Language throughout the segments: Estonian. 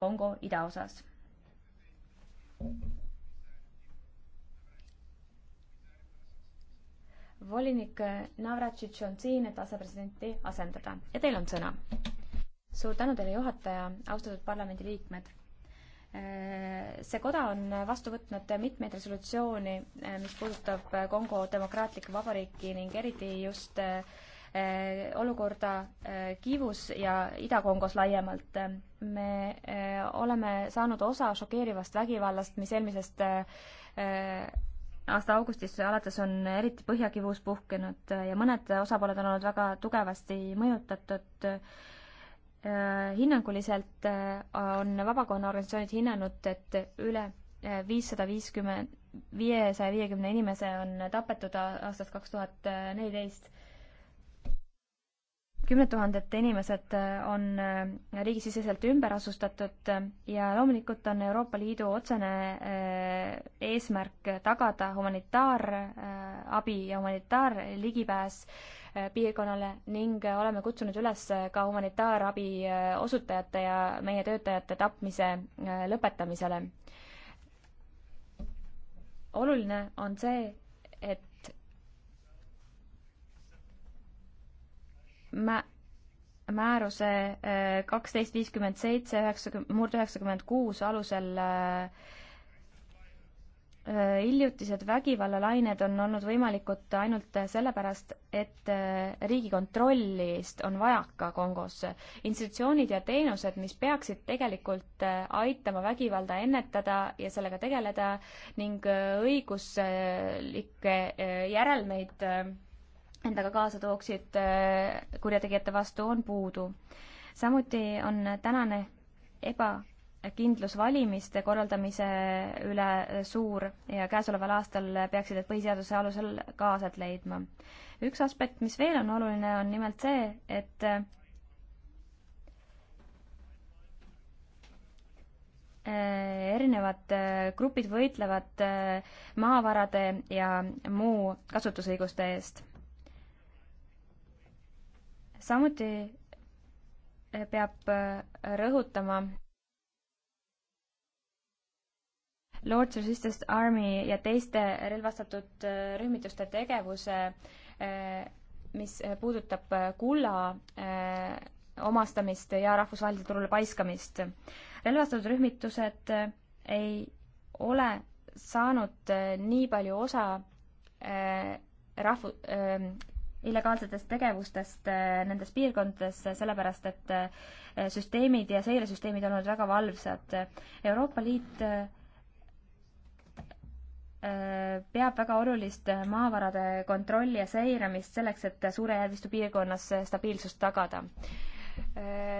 Kongo idaosas. volinik Navratšitš on siin, et asepresidenti asendada ja teil on sõna. suur tänu teile, juhataja, austatud parlamendiliikmed see koda on vastu võtnud mitmeid resolutsioone, mis puudutab Kongo Demokraatlikku Vabariiki ning eriti just Eh, olukorda eh, Kivus ja Ida-Kongos laiemalt. me eh, oleme saanud osa šokeerivast vägivallast, mis eelmisest aasta augustist alates on eriti Põhja-Kivus puhkenud ja mõned osapooled on olnud väga tugevasti mõjutatud. hinnanguliselt on vabakonnaorganisatsioonid hinnanud, et üle viissada viiskümmend, viiesaja viiekümne inimese on tapetud aastast kaks tuhat neliteist kümned tuhanded inimesed äh, on äh, riigisiseselt ümber asustatud äh, ja loomulikult on Euroopa Liidu otsene eesmärk tagada humanitaarabi ja humanitaarligipääs piirkonnale ning oleme kutsunud üles ka humanitaarabi osutajate ja meie töötajate tapmise lõpetamisele. oluline on see, mä-, määruse äh, kaksteist viiskümmend seitse üheksakümmend, murd üheksakümmend kuus alusel äh, äh, hiljutised vägivallalained on olnud võimalikud ainult sellepärast, et riigikontrollist on vajaka Kongos. institutsioonid ja teenused, mis peaksid tegelikult aitama vägivalda ennetada ja sellega tegeleda ning õiguslikke järelmeid endaga kaasa tooksid äh, kurjategijate vastu, on puudu. samuti on tänane ebakindlus valimiste korraldamise üle äh, suur ja käesoleval aastal peaksid need põhiseaduse alusel kaasat leidma. üks aspekt, mis veel on oluline, on nimelt see, et äh, erinevad grupid võitlevad maavarade ja muu kasutusõiguste eest samuti eh, peab eh, rõhutama Lords Resistance Army ja teiste relvastatud eh, rühmituste tegevuse, mis puudutab kulla omastamist ja rahvusvahelisele turule paiskamist. relvastatud rühmitused ei ole saanud nii palju osa rahvu-, illegaalsetest tegevustest äh, nendes piirkondades, äh, sellepärast et äh, süsteemid ja seiresüsteemid on olnud väga valvsad. Euroopa Liit peab väga olulist maavarade kontrolli ja seiramist selleks, et Suure järvistu piirkonnas stabiilsust tagada.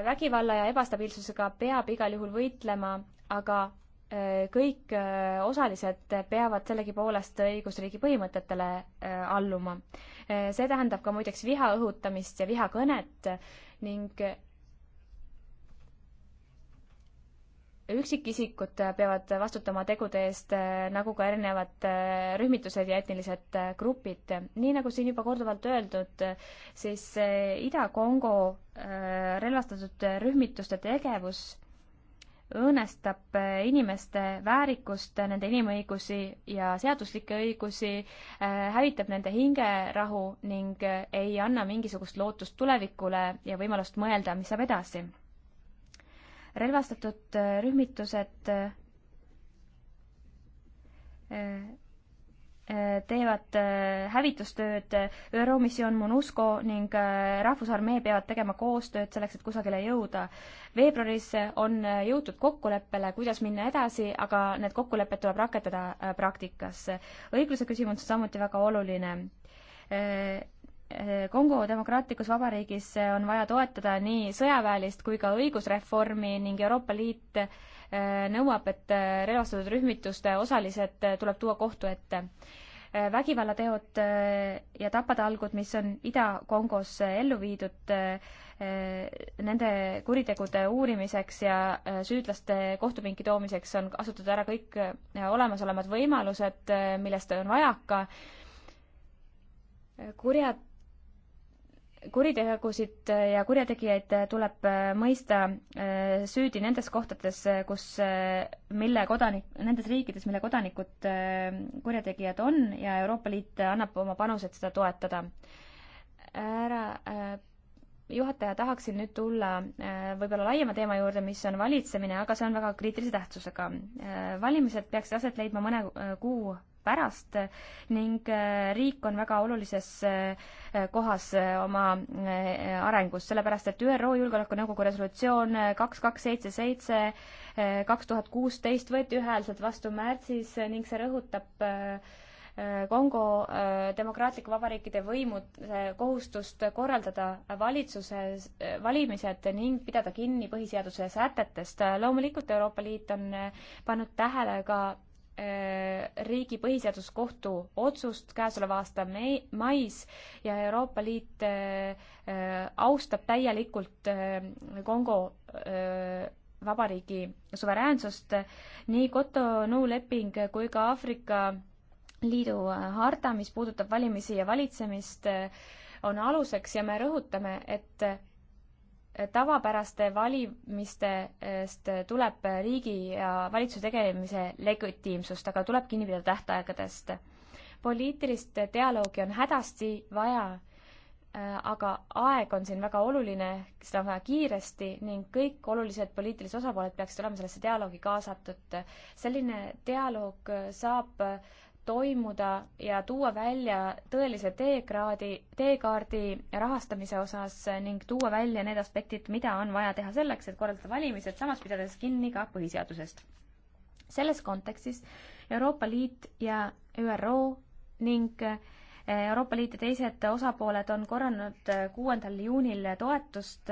vägivalla ja ebastabiilsusega peab igal juhul võitlema, aga Äh, kõik äh, osalised peavad sellegipoolest õigusriigi põhimõtetele äh, alluma. see tähendab ka muideks viha õhutamist ja vihakõnet ning üksikisikud peavad vastutama tegude eest, nagu ka erinevad rühmitused ja etnilised grupid. nii nagu siin juba korduvalt öeldud, siis Ida-Kongo relvastatud rühmituste tegevus õõnestab eh, inimeste väärikust, nende inimõigusi ja seaduslikke õigusi, eh, hävitab nende hingerahu ning eh, ei anna mingisugust lootust tulevikule ja võimalust mõelda, mis saab edasi. relvastatud rühmitused teevad äh, hävitustööd, ÜRO missioon MONUSCO ning äh, Rahvusarmee peavad tegema koostööd selleks, et kusagile jõuda. veebruaris on äh, jõutud kokkuleppele, kuidas minna edasi, aga need kokkulepped tuleb rakendada praktikas. õigluse küsimus on samuti väga oluline. Kongo Demokraatlikus Vabariigis on vaja toetada nii sõjaväelist kui ka õigusreformi ning Euroopa Liit Äh, nõuab, et äh, relvastatud rühmituste osalised äh, tuleb tuua kohtu ette. vägivallateod ja tapatalgud, mis on Ida-Kongos ellu viidud, nende kuritegude uurimiseks ja süüdlaste kohtupinki toomiseks on kasutatud ära kõik olemasolevad võimalused, millest on vajaka kurjad kuritegusid ja kurjategijaid tuleb mõista äh, süüdi nendes kohtades, äh, kus, äh, mille kodanik, nendes riikides, mille kodanikud kurjategijad on ja Euroopa Liit annab oma panuse, et seda toetada. härra juhataja, tahaksin nüüd tulla võib-olla laiema teema juurde, mis on valitsemine, aga see on väga kriitilise tähtsusega. valimised peaksid aset leidma mõne kuu pärast ning äh, riik on väga olulises äh, kohas äh, oma arengus, sellepärast et ÜRO Julgeolekunõukogu resolutsioon kaks, kaks, seitse, seitse kaks tuhat kuusteist võeti ühehäälselt vastu märtsis ning see rõhutab Kongo demokraatliku vabariikide võimud kohustust korraldada valitsuse valimised ning pidada kinni põhiseaduse sätetest. loomulikult Euroopa Liit on pannud tähele ka Äh, riigi põhiseaduskohtu otsust käesoleva aasta mei-, mais ja Euroopa Liit äh, äh, austab täielikult Kongo vabariigi suveräänsust. nii Cotonou leping kui ka Aafrika Liidu harta, mis puudutab valimisi ja valitsemist, on aluseks ja me rõhutame, et tavapäraste valimistest tuleb riigi ja valitsuse tegemise legitiimsust, aga tuleb kinni pidada tähtaegadest. poliitilist dialoogi on hädasti vaja, äh, aga aeg on siin väga oluline, seda on vaja kiiresti ning kõik olulised poliitilised osapooled peaksid olema sellesse dialoogi kaasatud. selline dialoog saab äh, toimuda ja tuua välja tõelise teekraadi, teekaardi rahastamise osas ning tuua välja need aspektid, mida on vaja teha selleks, et korraldada valimised, samas pidades kinni ka põhiseadusest. selles kontekstis Euroopa Liit ja ÜRO ning eh, Euroopa Liit ja teised osapooled on korranud eh, kuuendal juunil toetust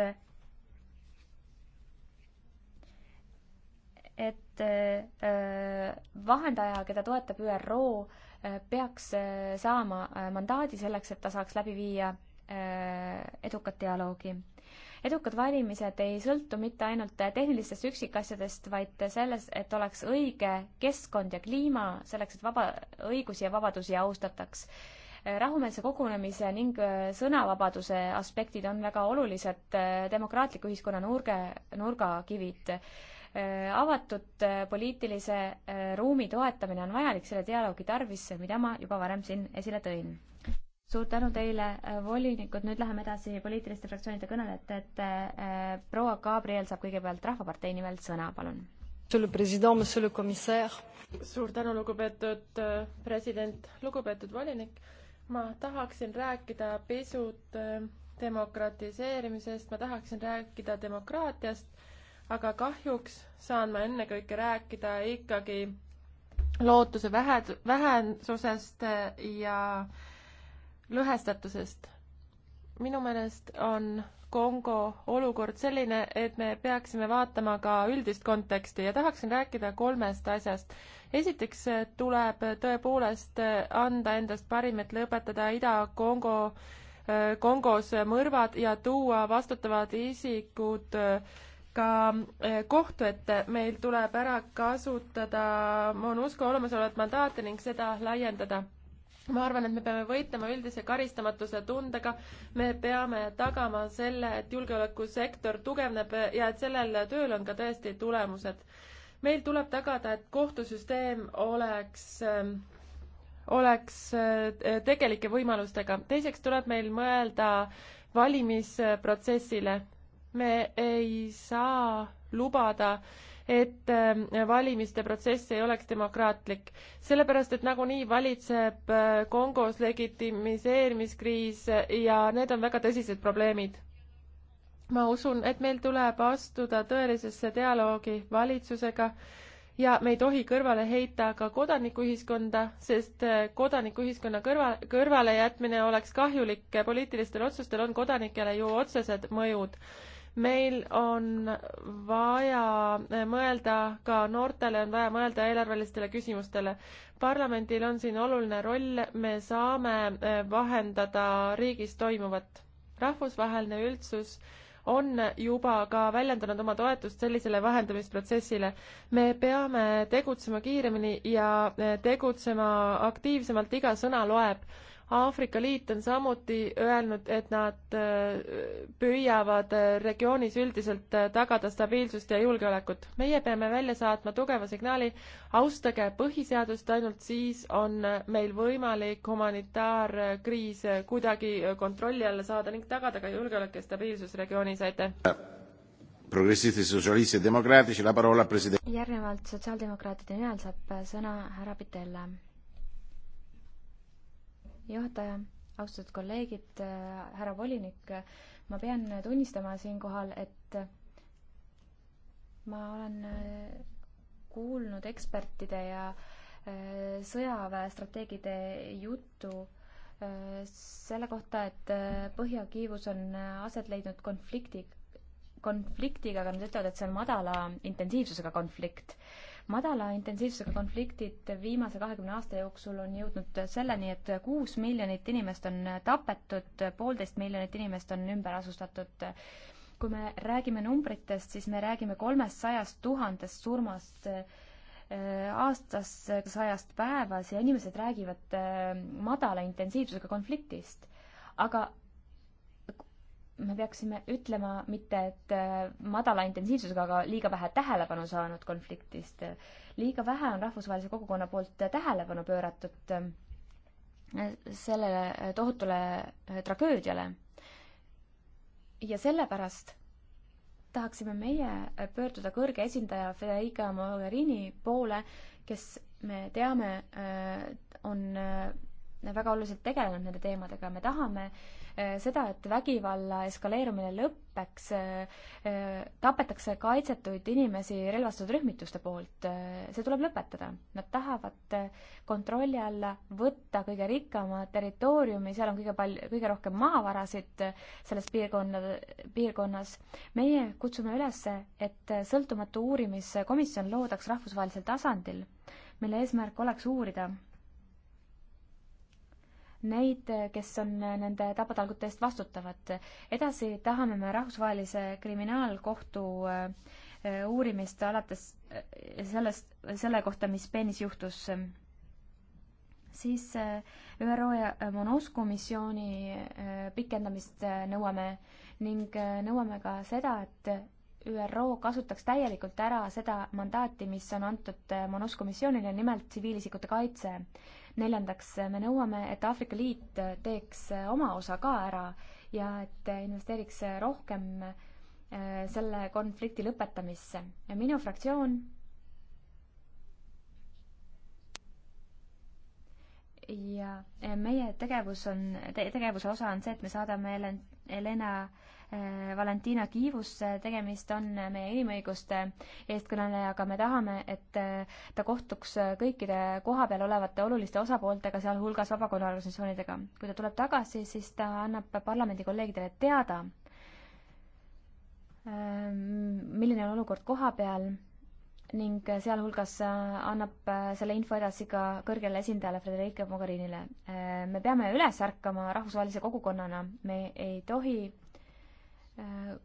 et äh, vahendaja, keda toetab ÜRO, äh, peaks äh, saama mandaadi selleks, et ta saaks läbi viia edukat dialoogi. edukad valimised ei sõltu mitte ainult tehnilistest üksikasjadest, vaid selles, et oleks õige keskkond ja kliima selleks, et vaba, õigusi ja vabadusi austataks rahumeelse kogunemise ning sõnavabaduse aspektid on väga olulised demokraatliku ühiskonna nurge, nurgakivid Äh, avatud äh, poliitilise äh, ruumi toetamine on vajalik selle dialoogi tarvis, mida ma juba varem siin esile tõin suur tänu teile, volinikud, nüüd läheme edasi poliitiliste fraktsioonide kõnelejate, et, et äh, proua Gabriel saab kõigepealt Rahvapartei nimel sõna, palun. suur tänu, lugupeetud president, lugupeetud volinik. ma tahaksin rääkida pisut demokratiseerimisest, ma tahaksin rääkida demokraatiast aga kahjuks saan ma ennekõike rääkida ikkagi lootuse vähe, vähesusest eh, ja lõhestatusest. minu meelest on Kongo olukord selline, et me peaksime vaatama ka üldist konteksti ja tahaksin rääkida kolmest asjast. esiteks eh, tuleb tõepoolest eh, anda endast parim, et lõpetada Ida-Kongo, Kongos mõrvad ja tuua vastutavad isikud äh, ka eh, kohtu ette. meil tuleb ära kasutada MONUSCO olemasolevat mandaati ning seda laiendada ma arvan, et me peame võitlema üldise karistamatuse tundega, me peame tagama selle, et julgeolekusektor tugevneb ja et sellel tööl on ka tõesti tulemused. meil tuleb tagada, et kohtusüsteem oleks eh, oleks eh, tegelike võimalustega. teiseks tuleb meil mõelda valimisprotsessile me ei saa lubada, et ähm, valimiste protsess ei oleks demokraatlik. sellepärast, et nagunii valitseb äh, Kongos legitimiseerimiskriis ja need on väga tõsised probleemid. ma usun, et meil tuleb astuda tõelisesse dialoogi valitsusega ja me ei tohi kõrvale heita ka kodanikuühiskonda, sest äh, kodanikuühiskonna kõrva, kõrvalejätmine oleks kahjulik. poliitilistel otsustel on kodanikele ju otsesed mõjud meil on vaja mõelda ka noortele, on vaja mõelda eelarvelistele küsimustele. parlamendil on siin oluline roll, me saame eh, vahendada riigis toimuvat. rahvusvaheline üldsus on juba ka väljendanud oma toetust sellisele vahendamisprotsessile. me peame tegutsema kiiremini ja eh, tegutsema aktiivsemalt, iga sõna loeb Aafrika Liit on samuti öelnud, et nad äh, püüavad äh, regioonis üldiselt äh, tagada stabiilsust ja julgeolekut. meie peame välja saatma tugeva signaali, austage põhiseadust, ainult siis on meil võimalik humanitaarkriis kuidagi kontrolli alla saada ning tagada ka julgeolek ja stabiilsus regioonis, aitäh! progressisti sotsialisti demokraatici, la parola president. järgnevalt sotsiaaldemokraatide nimel saab sõna härra Pitella juhataja, austatud kolleegid, äh, härra volinik, äh, ma pean tunnistama siinkohal, et äh, ma olen kuulnud ekspertide ja sõjaväestrateegide juttu selle kohta, et Põhja-Kiivus on aset leidnud konfliktid konfliktiga, aga nad ütlevad, et see on madala intensiivsusega konflikt. madala intensiivsusega konfliktid viimase kahekümne aasta jooksul on jõudnud selleni, et kuus miljonit inimest on tapetud, poolteist miljonit inimest on ümber asustatud. kui me räägime numbritest, siis me räägime kolmest sajast tuhandest surmast äh, aastas sajast päevas ja inimesed räägivad äh, madala intensiivsusega konfliktist. aga me peaksime ütlema mitte, et äh, madala intensiivsusega, aga liiga vähe tähelepanu saanud konfliktist. liiga vähe on rahvusvahelise kogukonna poolt tähelepanu pööratud äh, sellele äh, tohutule tragöödiale. ja sellepärast tahaksime meie pöörduda kõrge esindaja Federica Mogherini poole, kes me teame, on väga oluliselt tegelenud nende teemadega, me tahame äh, Äh, seda, et vägivalla eskaleerumine lõpeks, äh, äh, tapetakse kaitsetuid inimesi relvastatud rühmituste poolt, see tuleb lõpetada. Nad tahavad kontrolli alla võtta kõige rikkama territooriumi, seal on kõige palju, kõige rohkem maavarasid selles piirkonna, piirkonnas. meie kutsume üles, et sõltumatu uurimiskomisjon loodaks rahvusvahelisel tasandil, mille eesmärk oleks uurida neid, kes on nende tapatalgute eest vastutavad. edasi tahame me rahvusvahelise kriminaalkohtu äh, uurimist alates äh, sellest, selle kohta, mis Beenis juhtus. siis äh, ÜRO ja Monusco missiooni pikendamist nõuame ning nõuame ka seda, et ÜRO kasutaks täielikult ära seda mandaati, mis on antud MONUSCO missioonile, nimelt tsiviilisikute kaitse neljandaks, me nõuame, et Aafrika Liit teeks oma osa ka ära ja et investeeriks rohkem äh, selle konflikti lõpetamisse. minu fraktsioon ja äh, meie tegevus on te, tegevuse osa on see, et me saadame Helen, Helena Eh, Valentina Kiivusse, eh, tegemist on meie inimõiguste eestkõnelejaga, me tahame, et eh, ta kohtuks kõikide kohapeal olevate oluliste osapooltega, sealhulgas vabakonnaorganisatsioonidega. kui ta tuleb tagasi, siis ta annab parlamendi kolleegidele teada, milline on olukord kohapeal ning sealhulgas annab selle info edasi ka kõrgele esindajale Frederica Mogherinile. me peame üles ärkama rahvusvahelise kogukonnana, me ei tohi Äh,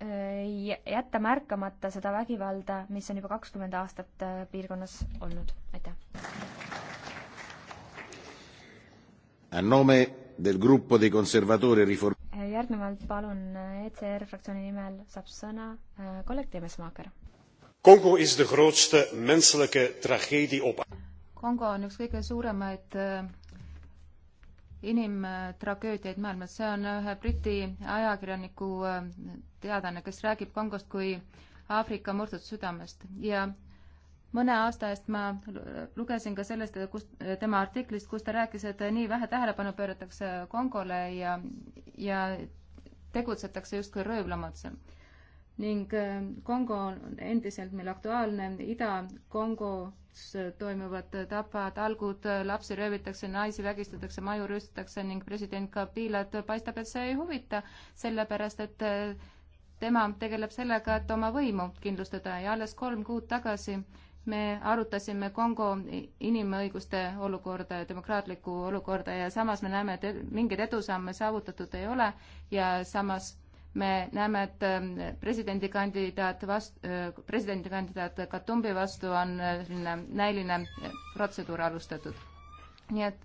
äh, jätta märkamata seda vägivalda, mis on juba kakskümmend aastat äh, piirkonnas olnud. aitäh. järgnevalt palun ECR fraktsiooni nimel saab sõna kolleeg Teemesmaaker. Kongo is de grootste menselijke tragedie op. Kongo on üks kõige suuremaid inimtragöödiaid maailmas, see on ühe Briti ajakirjaniku äh, teadlane, kes räägib Kongost kui Aafrika murdud südamest ja mõne aasta eest ma lugesin ka sellest, kus, tema artiklist, kus ta rääkis, et nii vähe tähelepanu pööratakse Kongole ja, ja tegutsetakse justkui röövlamotse ning äh, Kongo on endiselt meil aktuaalne, Ida-Kongos äh, toimuvad äh, tapad, algud, lapsi röövitakse, naisi vägistatakse, maju rüüstatakse ning president Kabilat paistab, et see ei huvita, sellepärast et tema tegeleb sellega, et oma võimu kindlustada ja alles kolm kuud tagasi me arutasime Kongo inimõiguste olukorda ja demokraatlikku olukorda ja samas me näeme, et e-, mingeid edusamme saavutatud ei ole ja samas me näeme, et eh, presidendikandidaat vast-, eh, presidendikandidaat Katumbi vastu on eh, selline näiline protseduur alustatud. nii et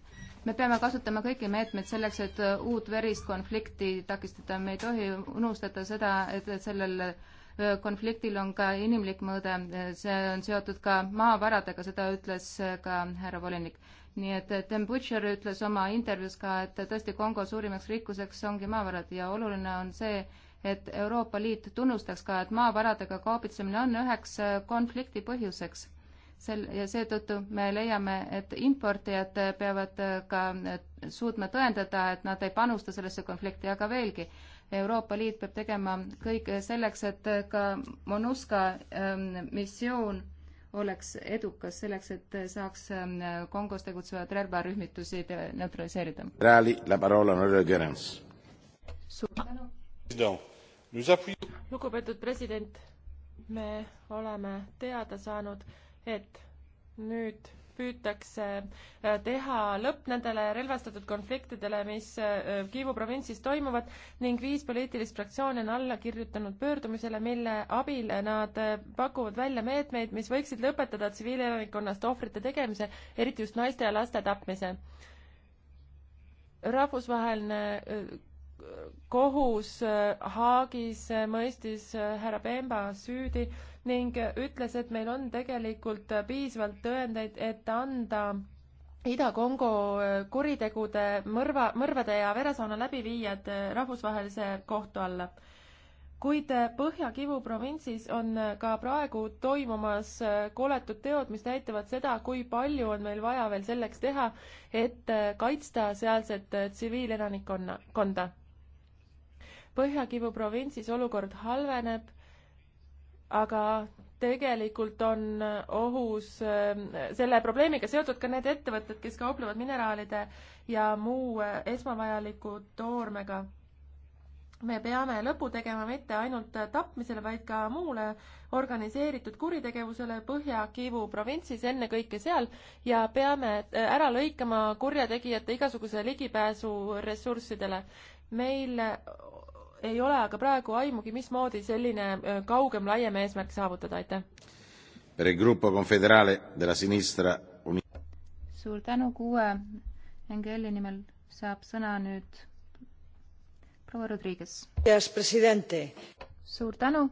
me peame kasutama kõiki meetmeid selleks, et uut verist konflikti takistada, me ei tohi unustada seda, et sellel konfliktil on ka inimlik mõõde, see on seotud ka maavaradega, seda ütles ka härra volinik nii et Tim Butcher ütles oma intervjuus ka, et tõesti Kongo suurimaks rikkuseks ongi maavarad ja oluline on see, et Euroopa Liit tunnustaks ka, et maavaradega kaubitsemine on üheks äh, konflikti põhjuseks. sel- ja seetõttu me leiame, et importijad peavad äh, ka äh, suutma tõendada, et nad ei panusta sellesse konflikti, aga veelgi, Euroopa Liit peab tegema kõik selleks, et ka MONUSCA ähm, missioon oleks edukas selleks, et saaks ähm, Kongos tegutsevaid relvarühmitusi neutraliseerida. suur tänu. lugupeetud president, me oleme teada saanud, et nüüd püütakse äh, teha lõpp nendele relvastatud konfliktidele, mis äh, Kiivu provintsis toimuvad ning viis poliitilist fraktsiooni on alla kirjutanud pöördumisele, mille abil nad äh, pakuvad välja meetmeid, mis võiksid lõpetada tsiviilelanikkonnast ohvrite tegemise, eriti just naiste ja laste tapmise. rahvusvaheline kohus äh, Haagis äh, mõistis äh, härra Bemba süüdi ning ütles, et meil on tegelikult piisavalt tõendeid, et anda Ida-Kongo kuritegude mõrva, mõrvade ja veresauna läbiviijad rahvusvahelise kohtu alla. kuid Põhja-Kivu provintsis on ka praegu toimumas koletud teod, mis näitavad seda, kui palju on meil vaja veel selleks teha, et kaitsta sealset tsiviilelanikkonda Põhja-Kivu provintsis olukord halveneb, aga tegelikult on ohus ähm, selle probleemiga seotud ka need ettevõtted, kes kauplevad mineraalide ja muu äh, esmavajaliku toormega. me peame lõpu tegema mitte ainult tapmisele, vaid ka muule organiseeritud kuritegevusele Põhja-Kivu provintsis, ennekõike seal, ja peame äh, ära lõikama kurjategijate igasuguse ligipääsu ressurssidele. meil ei ole aga praegu aimugi, mismoodi selline kaugem, laiem eesmärk saavutada, aitäh. suur tänu, kuue NGL-i nimel saab sõna nüüd proua Rodriguez. suur tänu,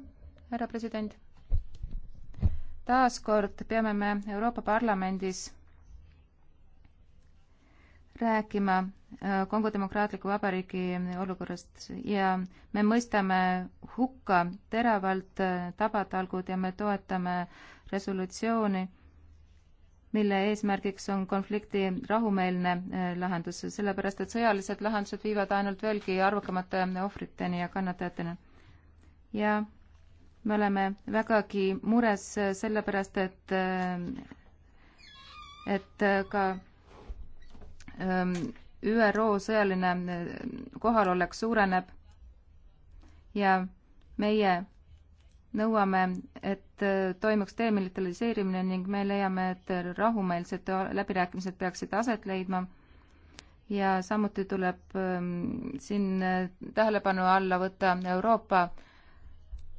härra president. taaskord peame me Euroopa Parlamendis rääkima Kongo Demokraatliku Vabariigi olukorrast ja me mõistame hukka teravalt tabatalgud ja me toetame resolutsiooni, mille eesmärgiks on konflikti rahumeelne eh, lahendus, sellepärast et sõjalised lahendused viivad ainult veelgi arvukamate ohvriteni ja kannatajateni. ja me oleme vägagi mures sellepärast, et eh, et ka ähm, ÜRO sõjaline eh, kohalolek suureneb ja meie nõuame, et eh, toimuks demilitariseerimine ning me leiame, et rahumeelsed läbirääkimised peaksid aset leidma ja samuti tuleb ehm, siin eh, tähelepanu alla võtta Euroopa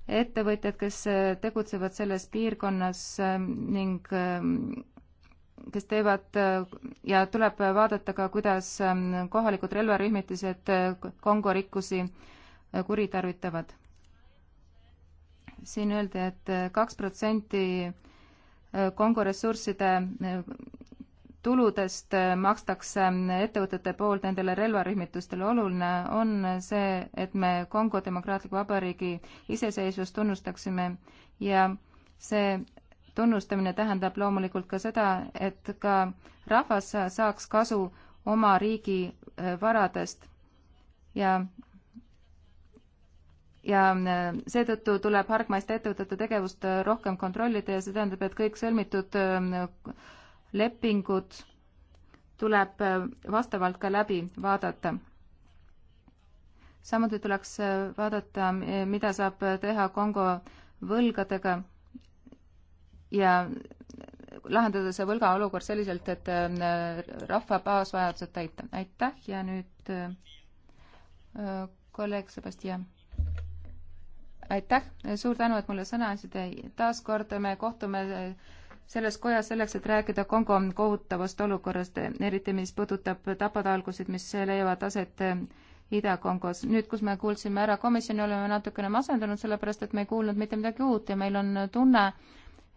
ettevõtjad, kes tegutsevad selles piirkonnas ehm, ning ehm, kes teevad ja tuleb vaadata ka, kuidas ähm, kohalikud relvarühmitised äh, Kongo rikkusi äh, kuritarvitavad. siin öeldi et, et äh, kaks protsenti Kongo ressursside tuludest makstakse ähm, ettevõtete poolt nendele relvarühmitustele. oluline on see, et me Kongo Demokraatliku Vabariigi iseseisvust tunnustaksime ja see tunnustamine tähendab loomulikult ka seda, et ka rahvas saaks kasu oma riigi äh, varadest ja ja äh, seetõttu tuleb hargmaiste ettevõtete tegevust äh, rohkem kontrollida ja see tähendab, et kõik sõlmitud lepingud tuleb vastavalt ka läbi vaadata. samuti tuleks vaadata, mida saab teha Kongo võlgadega ja lahendada see võlgaolukord selliselt, et äh, rahva baasvajadused täita. aitäh ja nüüd äh, kolleeg Sebastian. aitäh, suur tänu, et mulle sõna andsid. taaskord me kohtume äh, selles kojas selleks, et rääkida Kongo kohutavast olukorrast, eriti mis puudutab tapatalgusid, mis leiavad aset Ida-Kongos. nüüd, kus me kuulsime ära komisjoni, oleme natukene masendunud, sellepärast et me ei kuulnud mitte midagi uut ja meil on tunne,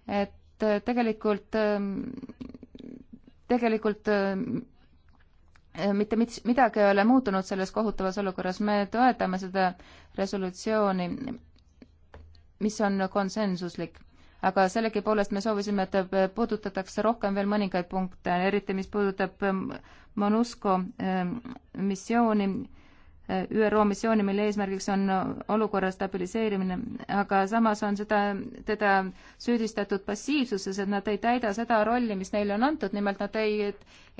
et äh, tegelikult, ähm, tegelikult äh, mitte mit-, midagi ei ole muutunud selles kohutavas olukorras, me toetame seda resolutsiooni, mis on konsensuslik. aga sellegipoolest me soovisime, et puudutatakse rohkem veel mõningaid punkte, eriti mis puudutab ähm, MONUSCO ähm, missiooni ÜRO missiooni, mille eesmärgiks on olukorra stabiliseerimine, aga samas on seda, teda süüdistatud passiivsuses, et nad ei täida seda rolli, mis neile on antud, nimelt nad ei,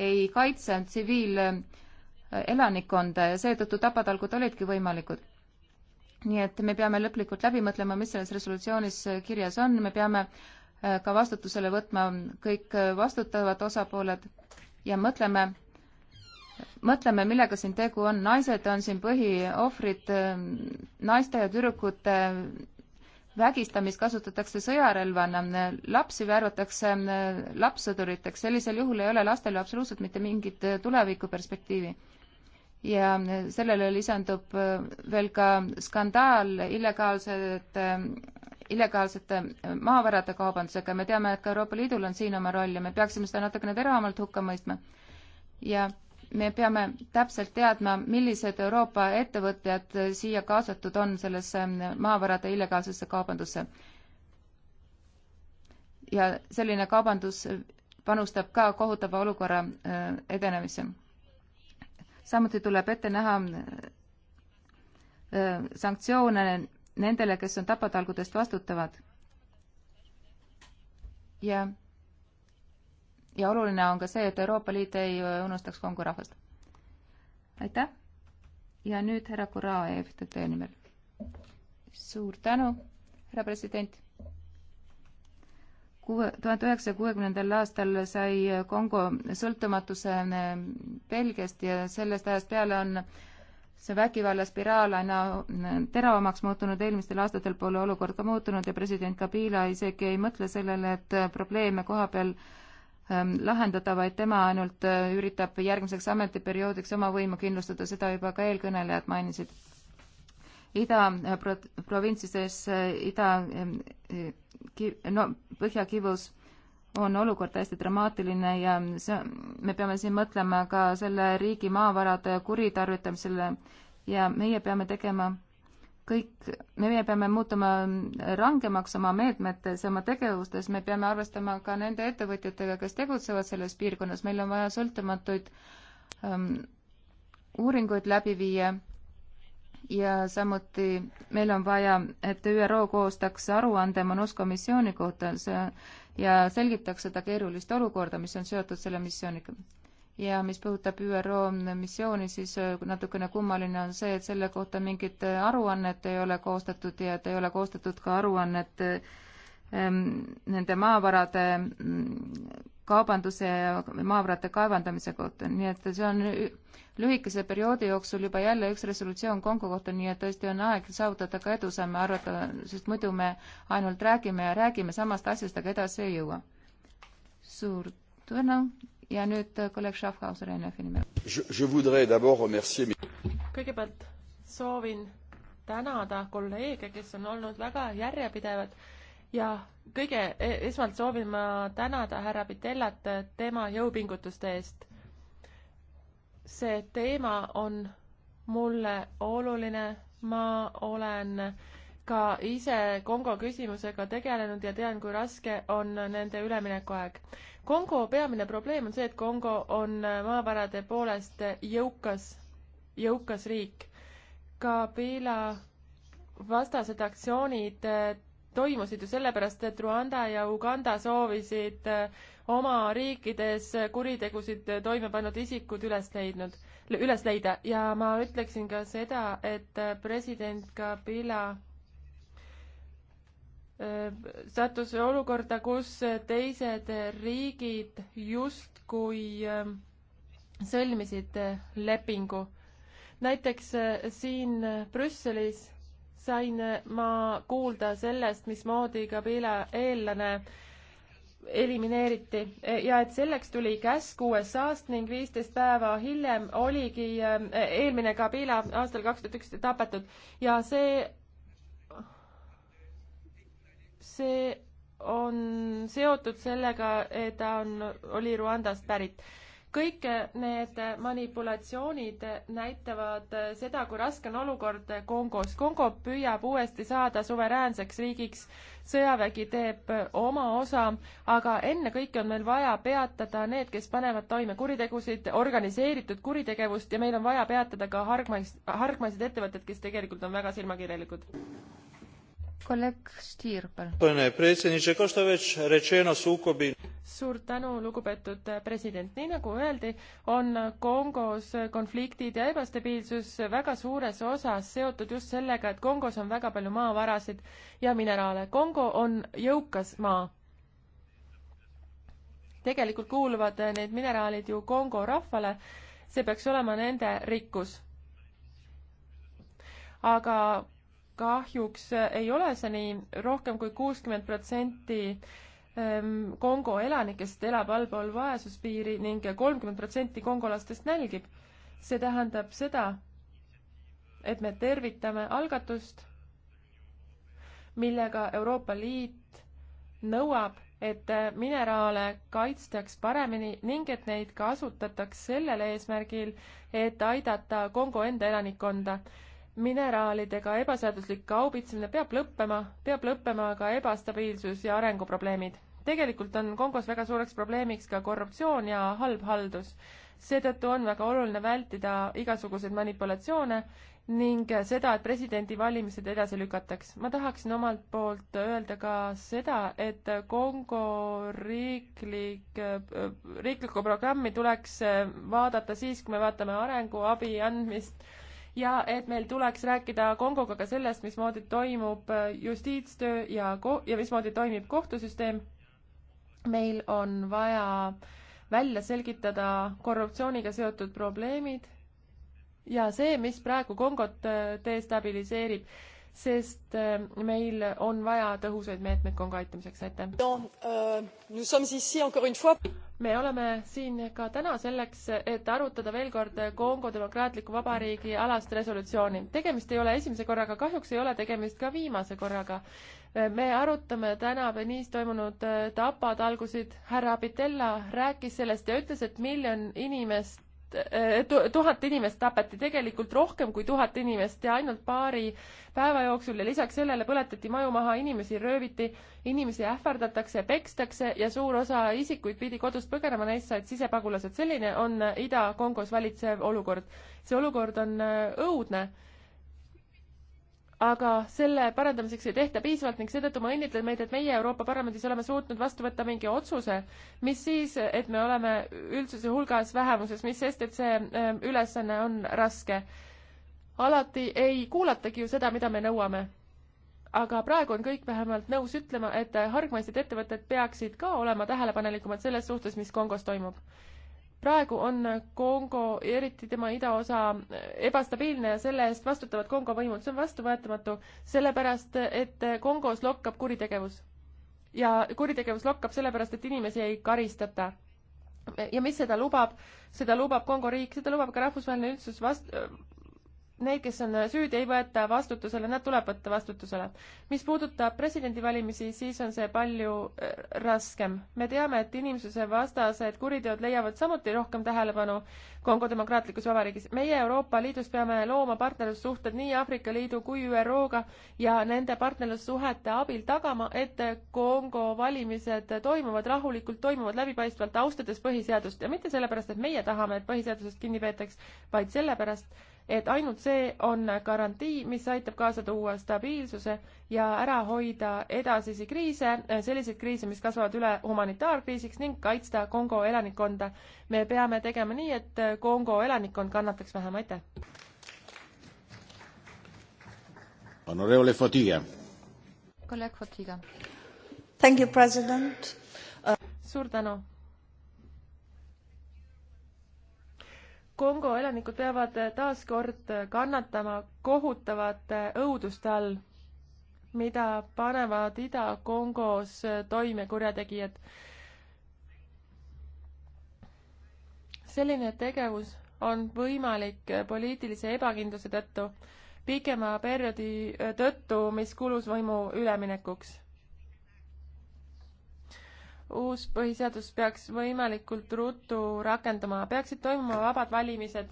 ei kaitse tsiviilelanikkonda ja seetõttu tapatalgud olidki võimalikud. nii et me peame lõplikult läbi mõtlema, mis selles resolutsioonis kirjas on, me peame äh, ka vastutusele võtma kõik vastutavad osapooled ja mõtleme mõtleme, millega siin tegu on, naised on siin põhiohvrid, ähm, naiste ja tüdrukute vägistamist kasutatakse sõjarelvana, lapsi värvatakse ähm, lapssõduriteks, sellisel juhul ei ole lastel ju absoluutselt mitte mingit äh, tulevikuperspektiivi. ja äh, sellele lisandub äh, veel ka skandaal illegaalsete, ähm, illegaalsete maavarade kaubandusega, me teame, et ka Euroopa Liidul on siin oma roll ja me peaksime seda natukene teravamalt hukka mõistma. ja me peame täpselt teadma, millised Euroopa ettevõtjad siia kaasatud on sellesse maavarade illegaalsesse kaubandusse. ja selline kaubandus panustab ka kohutava olukorra äh, edenemisse. samuti tuleb ette näha äh, sanktsioone nendele, kes on tapatalgudest vastutavad. ja ja oluline on ka see, et Euroopa Liit ei unustaks Kongo rahvast. aitäh ja nüüd härra Kuraa EFTT nimel. suur tänu, härra president. kuue, tuhande üheksasaja kuuekümnendal aastal sai Kongo sõltumatuse Belgiast eh, ja sellest ajast peale on see vägivallaspiraal aina eh, teravamaks muutunud, eelmistel aastatel pole olukord ka muutunud ja president Kabila isegi ei mõtle sellele, et eh, probleeme koha peal äh, Ähm, lahendada, vaid tema ainult äh, üritab järgmiseks ametiperioodiks oma võimu kindlustada, seda juba ka eelkõnelejad mainisid. Ida äh, provintsides, äh, Ida ähm, ki-, no Põhja-Kivus on olukord täiesti dramaatiline ja see, me peame siin mõtlema ka selle riigi maavarade kuritarvitamisele ja meie peame tegema kõik, meie peame muutuma rangemaks oma meetmetes ja oma tegevustes, me peame arvestama ka nende ettevõtjatega, kes tegutsevad selles piirkonnas, meil on vaja sõltumatuid um, uuringuid läbi viia ja samuti meil on vaja, et ÜRO koostaks aruande MONUSCO missiooni kohta see, ja selgitaks seda keerulist olukorda, mis on seotud selle missiooniga ja mis puudutab ÜRO missiooni, siis äh, natukene kummaline on see, et selle kohta mingit äh, aruannet ei ole koostatud ja et ei ole koostatud ka aruannet äh, ähm, nende maavarade mm, kaubanduse ja maavarade kaevandamise kohta, nii et see on lühikese perioodi jooksul juba jälle üks resolutsioon Kongo kohta, nii et tõesti on aeg saavutada ka edusamme arvata, sest muidu me ainult räägime ja räägime samast asjast, aga edasi ei jõua. suur tänu ja nüüd äh, kolleeg Schaffhauser NF-i nimel. kõigepealt soovin tänada kolleege, kes on olnud väga järjepidevad ja kõige, e, esmalt soovin ma tänada härra Pitellat tema jõupingutuste eest. see teema on mulle oluline, ma olen äh, ka ise Kongo küsimusega tegelenud ja tean, kui raske on nende üleminekuaeg. Kongo peamine probleem on see, et Kongo on maavarade poolest jõukas, jõukas riik. Kabila vastased aktsioonid eh, toimusid ju sellepärast, et Rwanda ja Uganda soovisid eh, oma riikides kuritegusid toime pannud isikud üles leidnud, üles leida ja ma ütleksin ka seda, et eh, president Kabila sattus olukorda, kus teised riigid justkui ähm, sõlmisid äh, lepingu. näiteks äh, siin Brüsselis sain äh, ma kuulda sellest, mismoodi Kabila eellane elimineeriti ja et selleks tuli käsk USA-st ning viisteist päeva hiljem oligi ähm, eelmine Kabila aastal kaks tuhat üksteist tapetud ja see see on seotud sellega, et ta on, oli Ruandast pärit. kõik need manipulatsioonid näitavad seda, kui raske on olukord Kongos. Kongo püüab uuesti saada suveräänseks riigiks, sõjavägi teeb oma osa, aga ennekõike on meil vaja peatada need, kes panevad toime kuritegusid, organiseeritud kuritegevust ja meil on vaja peatada ka hargmais-, hargmaised ettevõtted, kes tegelikult on väga silmakirjalikud kolleeg Stier, palun. suur tänu, lugupeetud president. nii nagu öeldi, on Kongos konfliktid ja ebastabiilsus väga suures osas seotud just sellega, et Kongos on väga palju maavarasid ja mineraale. Kongo on jõukas maa tegelikult kuuluvad need mineraalid ju Kongo rahvale, see peaks olema nende rikkus. aga kahjuks ei ole see nii, rohkem kui kuuskümmend protsenti ehm, Kongo elanikest elab allpool vaesuspiiri ning kolmkümmend protsenti kongolastest nälgib. see tähendab seda, et me tervitame algatust, millega Euroopa Liit nõuab, et mineraale kaitstaks paremini ning et neid kasutataks sellel eesmärgil, et aidata Kongo enda elanikkonda mineraalidega ebaseaduslik kaubitsemine peab lõppema, peab lõppema ka ebastabiilsus ja arenguprobleemid. tegelikult on Kongos väga suureks probleemiks ka korruptsioon ja halb haldus. seetõttu on väga oluline vältida igasuguseid manipulatsioone ning seda, et presidendivalimised edasi lükataks. ma tahaksin omalt poolt öelda ka seda, et Kongo riiklik, riiklikku programmi tuleks vaadata siis, kui me vaatame arenguabi andmist ja et meil tuleks rääkida Kongoga ka sellest, mismoodi toimub äh, justiitstöö ja ko-, ja mismoodi toimib kohtusüsteem. meil on vaja välja selgitada korruptsiooniga seotud probleemid ja see, mis praegu Kongot äh, destabiliseerib sest äh, meil on vaja tõhusaid meetmeid konga aitamiseks, aitäh! Euh, me oleme siin ka täna selleks, et arutada veel kord Kongo Demokraatliku Vabariigi alast resolutsiooni. tegemist ei ole esimese korraga, kahjuks ei ole tegemist ka viimase korraga. me arutame täna Beniis toimunud äh, tapatalgusid, härra Abitella rääkis sellest ja ütles, et miljon inimest tuhat inimest tapeti, tegelikult rohkem kui tuhat inimest ja ainult paari päeva jooksul ja lisaks sellele põletati maju maha, inimesi rööviti, inimesi ähvardatakse, pekstakse ja suur osa isikuid pidi kodust põgenema, neist said sisepagulased. selline on Ida-Kongos valitsev olukord. see olukord on äh, õudne aga selle parandamiseks ei tehta piisavalt ning seetõttu ma õnnitlen meid, et meie Euroopa Parlamendis oleme suutnud vastu võtta mingi otsuse, mis siis, et me oleme üldsuse hulgas vähemuses, mis sest, et see ähm, ülesanne on raske. alati ei kuulatagi ju seda, mida me nõuame. aga praegu on kõik vähemalt nõus ütlema, et hargmaised ettevõtted peaksid ka olema tähelepanelikumad selles suhtes, mis Kongos toimub praegu on Kongo, eriti tema idaosa, ebastabiilne ja selle eest vastutavad Kongo võimud, see on vastuvõetamatu, sellepärast et Kongos lokkab kuritegevus. ja kuritegevus lokkab sellepärast, et inimesi ei karistata. ja mis seda lubab, seda lubab Kongo riik, seda lubab ka rahvusvaheline üldsus vast-, neid, kes on süüdi, ei võeta vastutusele, nad tuleb võtta vastutusele. mis puudutab presidendivalimisi, siis on see palju äh, raskem. me teame, et inimsuse vastased kuriteod leiavad samuti rohkem tähelepanu Kongo Demokraatlikus Vabariigis. meie Euroopa Liidus peame looma partnerlussuhted nii Aafrika Liidu kui ÜRO-ga ja nende partnerlussuhete abil tagama, et Kongo valimised toimuvad rahulikult, toimuvad läbipaistvalt, austades põhiseadust ja mitte sellepärast, et meie tahame, et põhiseadusest kinni peetaks, vaid sellepärast, et ainult see on garantii, mis aitab kaasa tuua stabiilsuse ja ära hoida edasisi kriise, selliseid kriise, mis kasvavad üle humanitaarkriisiks ning kaitsta Kongo elanikkonda. me peame tegema nii, et Kongo elanikkond kannataks vähem, aitäh. Honorable Fotiga. kolleeg Fotiga. Thank you, president uh.... suur tänu Kongo elanikud peavad taas kord kannatama kohutavate õuduste all, mida panevad Ida-Kongos toime kurjategijad. selline tegevus on võimalik poliitilise ebakindluse tõttu, pikema perioodi tõttu, mis kulus võimu üleminekuks uus põhiseadus peaks võimalikult ruttu rakendama, peaksid toimuma vabad valimised.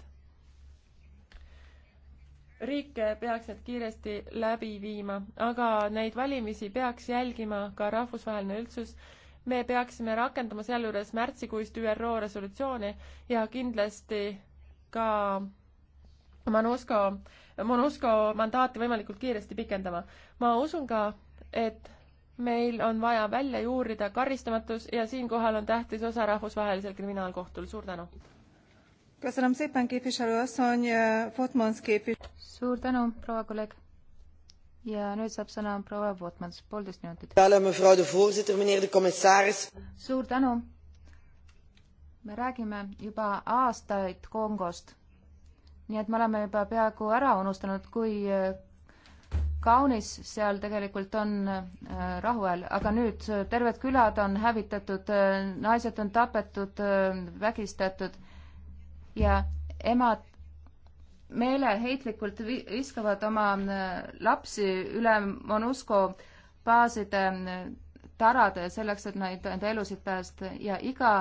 riik peaks need kiiresti läbi viima, aga neid valimisi peaks jälgima ka rahvusvaheline üldsus. me peaksime rakendama sealjuures märtsikuist ÜRO resolutsiooni ja kindlasti ka Monusco, Monusco mandaati võimalikult kiiresti pikendama. ma usun ka, et meil on vaja välja juurida karistamatus ja siinkohal on tähtis osa rahvusvahelisel kriminaalkohtul. suur tänu! Eh, suur tänu, proua kolleeg! ja nüüd saab sõna proua Votmans, poolteist minutit. suur tänu! me räägime juba aastaid Kongost, nii et me oleme juba peaaegu ära unustanud, kui eh, kaunis, seal tegelikult on äh, rahuajal, aga nüüd äh, terved külad on hävitatud, äh, naised on tapetud, vägistatud ja emad meeleheitlikult viskavad oma lapsi üle Monusco baaside tarade selleks, et neid, enda elusid päästa ja iga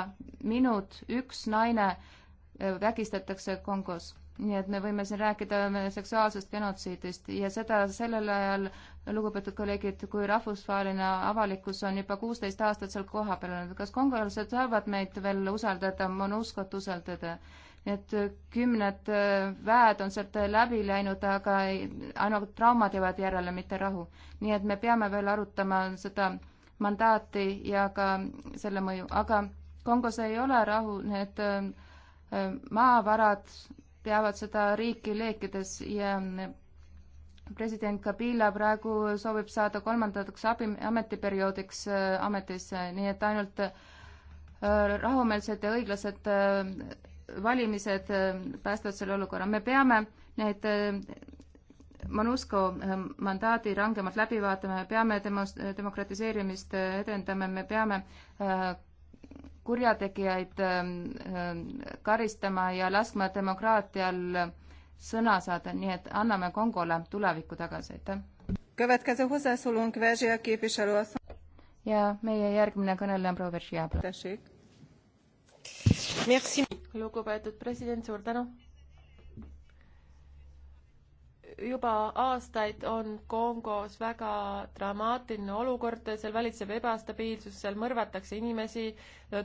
minut üks naine vägistatakse Kongos nii et me võime siin rääkida seksuaalsest genotsiidist ja seda sellel ajal, lugupeetud kolleegid, kui rahvusvaheline avalikkus on juba kuusteist aastat seal kohapeal olnud, kas kongolased saavad meid veel usaldada, MONUSCO-t usaldada? et kümned äh, väed on sealt läbi läinud, aga ainult traumad jäävad järele, mitte rahu. nii et me peame veel arutama seda mandaati ja ka selle mõju, aga Kongos ei ole rahu, need äh, maavarad peavad seda riiki leekides ja president Kabila praegu soovib saada kolmandaks abi, ametiperioodiks äh, ametisse, nii et ainult äh, rahumeelsed ja õiglased äh, valimised päästavad selle olukorra. me peame need MONUSCO mandaadi rangemalt läbi vaatama, me peame demos-, demokratiseerimist edendama, me peame kurjategijaid ähm, ähm, karistama ja laskma demokraatial sõna saada, nii et anname Kongole tuleviku tagasi, aitäh. ja meie järgmine kõneleja on proua Veržia. lugupeetud president, suur tänu juba aastaid on Kongos väga dramaatiline olukord, seal valitseb ebastabiilsus, seal mõrvatakse inimesi,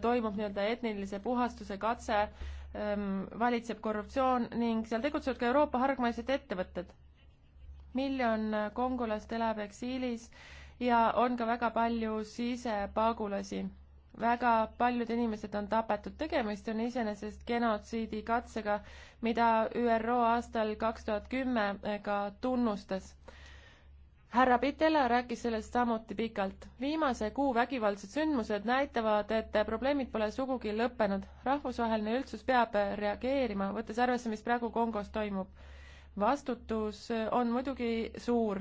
toimub nii-öelda etnilise puhastuse katse, ehm, valitseb korruptsioon ning seal tegutsevad ka Euroopa hargmaised ettevõtted. miljon kongolast elab eksiilis ja on ka väga palju sisepagulasi väga paljud inimesed on tapetud, tegemist on iseenesest genotsiidi katsega, mida ÜRO aastal kaks tuhat kümme ka tunnustas. härra Pitela rääkis sellest samuti pikalt. viimase kuu vägivaldsed sündmused näitavad, et probleemid pole sugugi lõppenud. rahvusvaheline üldsus peab reageerima, võttes arvesse, mis praegu Kongos toimub. vastutus on muidugi suur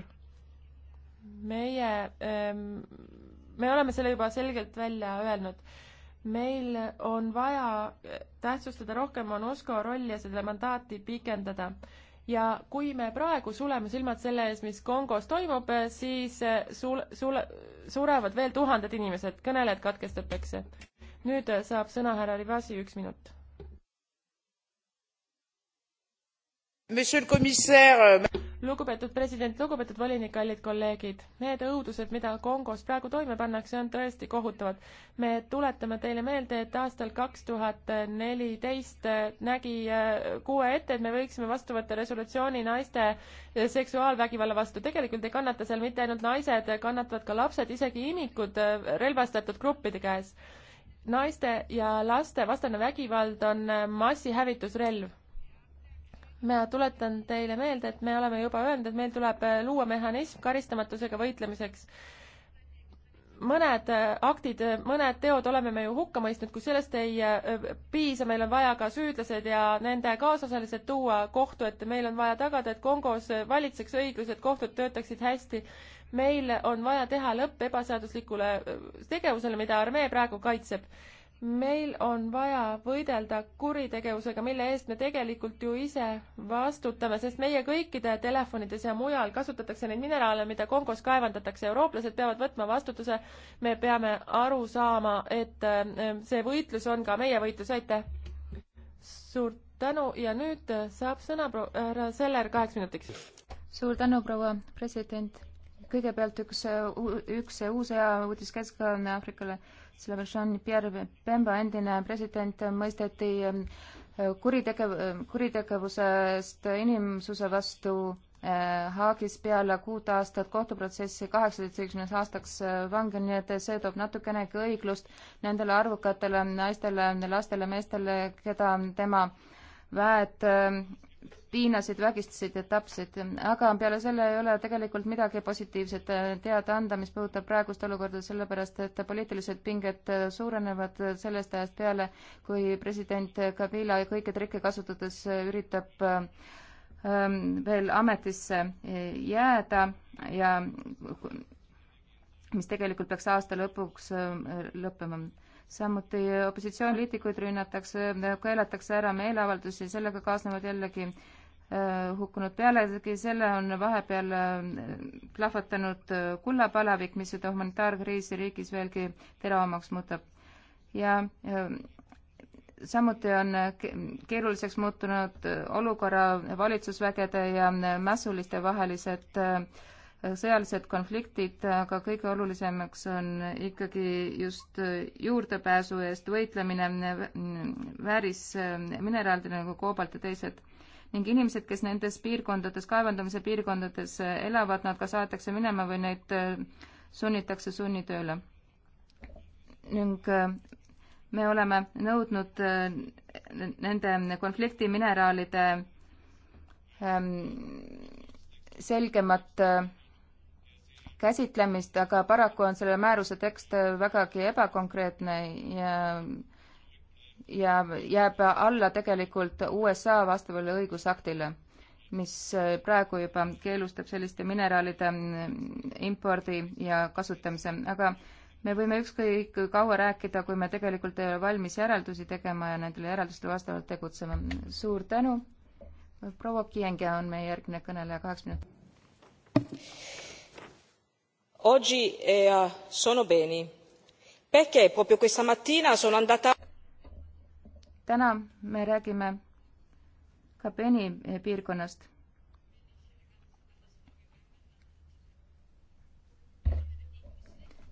meie ähm, me oleme selle juba selgelt välja öelnud. meil on vaja tähtsustada rohkem UNESCO rolli ja selle mandaati pikendada. ja kui me praegu suleme silmad selle ees, mis Kongos toimub, siis eh, sul-, sul-, surevad veel tuhanded inimesed, kõnelejad katkestatakse. nüüd eh, saab sõna härra Rivasi, üks minut. Monsieur le commissaire lugupeetud president, lugupeetud volinik, kallid kolleegid, need õudused, mida Kongos praegu toime pannakse, on tõesti kohutavad. me tuletame teile meelde, et aastal kaks tuhat neliteist nägi äh, kuue ette, et me võiksime vastu võtta resolutsiooni naiste äh, seksuaalvägivalla vastu. tegelikult ei kannata seal mitte ainult naised, kannatavad ka lapsed, isegi imikud äh, relvastatud gruppide käes. naiste ja laste vastane vägivald on massihävitusrelv ma tuletan teile meelde, et me oleme juba öelnud, et meil tuleb luua mehhanism karistamatusega võitlemiseks. mõned äh, aktid, äh, mõned teod oleme me ju hukka mõistnud, kui sellest ei äh, piisa, meil on vaja ka süüdlased ja nende kaasosalised tuua kohtu ette, meil on vaja tagada, et Kongos valitseks õiglus, et kohtud töötaksid hästi. meil on vaja teha lõpp ebaseaduslikule tegevusele, mida armee praegu kaitseb meil on vaja võidelda kuritegevusega, mille eest me tegelikult ju ise vastutame, sest meie kõikide telefonides ja mujal kasutatakse neid mineraale, mida Kongos kaevandatakse. eurooplased peavad võtma vastutuse. me peame aru saama, et äh, see võitlus on ka meie võitlus. aitäh! suur tänu ja nüüd äh, saab sõna härra Seller kaheks minutiks. suur tänu, proua president. kõigepealt üks, äh, üks uus hea uudis Kesk-Aafrikale sellepärast Jean-Pierre Bemba, endine president, mõisteti äh, kuritegev, kuritegevusest äh, inimsuse vastu äh, Haagis peale kuut aastat kohtuprotsessi kaheksateistkümneks aastaks vangi, nii et see toob natukenegi õiglust nendele arvukatele naistele, lastele, meestele, keda tema väed piinasid, vägistasid ja tapsid, aga peale selle ei ole tegelikult midagi positiivset äh, teada anda, mis puudutab praegust olukorda, sellepärast et poliitilised pinged äh, suurenevad sellest ajast peale, kui president Kabila kõiki trikke kasutades äh, üritab ähm, veel ametisse jääda ja mis tegelikult peaks aasta lõpuks lõppema samuti opositsiooniliitikuid rünnatakse, keelatakse ära meeleavaldusi, sellega kaasnevad jällegi äh, hukkunud pealegi, selle on vahepeal äh, plahvatanud äh, kullapalavik, mis seda humanitaarkriisi riigis veelgi teravamaks muudab. ja samuti on keeruliseks muutunud olukorra valitsusvägede ja mässuliste vahelised äh, sõjalised konfliktid, aga kõige olulisemaks on ikkagi just juurdepääsu eest võitlemine, väärismineraalidele äh, nagu koobalt ja teised. ning inimesed, kes nendes piirkondades, kaevandamise piirkondades äh, elavad, nad kas aetakse minema või neid äh, sunnitakse sunnitööle. ning me oleme nõudnud nende konfliktimineraalide ähm, selgemat käsitlemist, aga paraku on selle määruse tekst vägagi ebakonkreetne ja ja jääb alla tegelikult USA vastavale õigusaktile, mis praegu juba keelustab selliste mineraalide impordi ja kasutamise, aga me võime ükskõik kaua rääkida, kui me tegelikult ei ole valmis järeldusi tegema ja nendele järeldustele vastavalt tegutsema. suur tänu. proua Kienge on meie järgmine kõneleja, kaheksa minutit oggi eh, ah, sono beni perché proprio questa mattina sono andata. täna me räägime ka Beni eh, piirkonnast.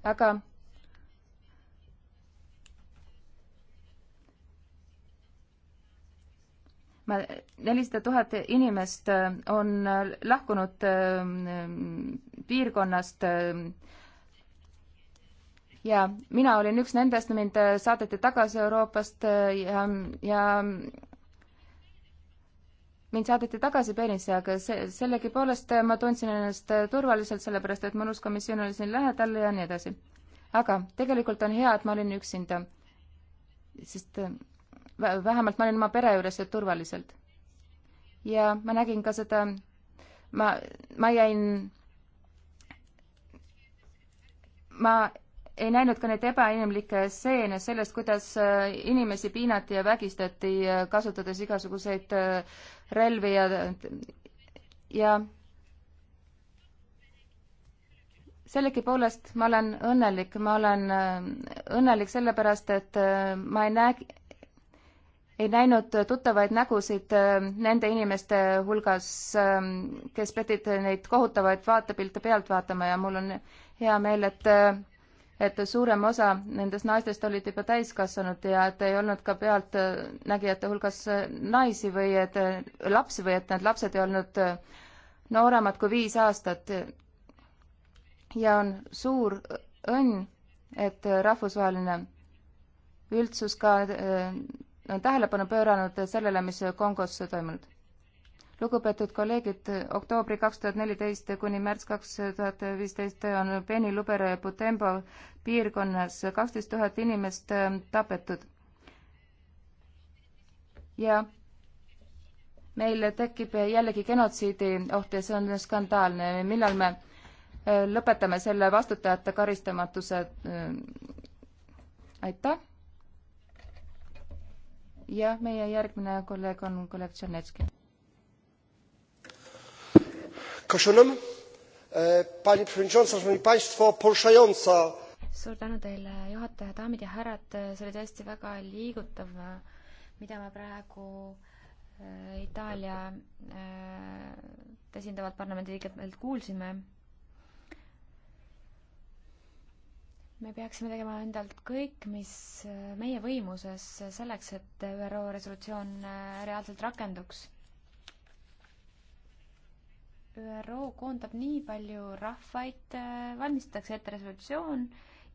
aga ma, nelisada tuhat inimest eh, on eh, lahkunud piirkonnast äh, ja mina olin üks nendest, mind äh, saadeti tagasi Euroopast äh, ja, ja mind saadeti tagasi Bernisse, aga see, sellegipoolest ma tundsin ennast turvaliselt, sellepärast et mõnus komisjon oli siin lähedal ja nii edasi. aga tegelikult on hea, et ma olin üksinda, sest vähemalt ma olin oma pere juures ja turvaliselt. ja ma nägin ka seda, ma, ma jäin ma ei näinud ka neid ebainimlikke stseene sellest, kuidas äh, inimesi piinati ja vägistati, äh, kasutades igasuguseid äh, relvi ja, ja sellegipoolest ma olen õnnelik, ma olen õnnelik sellepärast, et ma ei näe, ei näinud tuttavaid nägusid nende inimeste hulgas, kes pidid neid kohutavaid vaatepilte pealt vaatama ja mul on hea meel, et et suurem osa nendest naistest olid juba täiskasvanud ja et ei olnud ka pealtnägijate hulgas naisi või et lapsi või et need lapsed ei olnud nooremad kui viis aastat. ja on suur õnn, et rahvusvaheline üldsus ka eh, on tähelepanu pööranud sellele, mis Kongos toimunud lugupeetud kolleegid, oktoobri kaks tuhat neliteist kuni märts kaks tuhat viisteist on Beni Lubere Butembo piirkonnas kaksteist tuhat inimest äh, tapetud. ja meil tekib jällegi genotsiidi oht ja see on skandaalne, millal me äh, lõpetame selle vastutajate karistamatuse. Äh, aitäh. ja meie järgmine kolleeg on kolleeg Tšernetski. E, pani przewodnicząca! szanowni państwo! poruszająca. suur tänu teile juhataja daamid ja härrad e, see oli tõesti väga liigutav mida me praegu e, itaalia esindavalt parlamendiliikmelt kuulsime me peaksime tegema endalt kõik, mis meie võimuses selleks, et ÜRO resolutsioon reaalselt rakenduks. ÜRO koondab nii palju rahvaid, äh, valmistatakse ette resolutsioon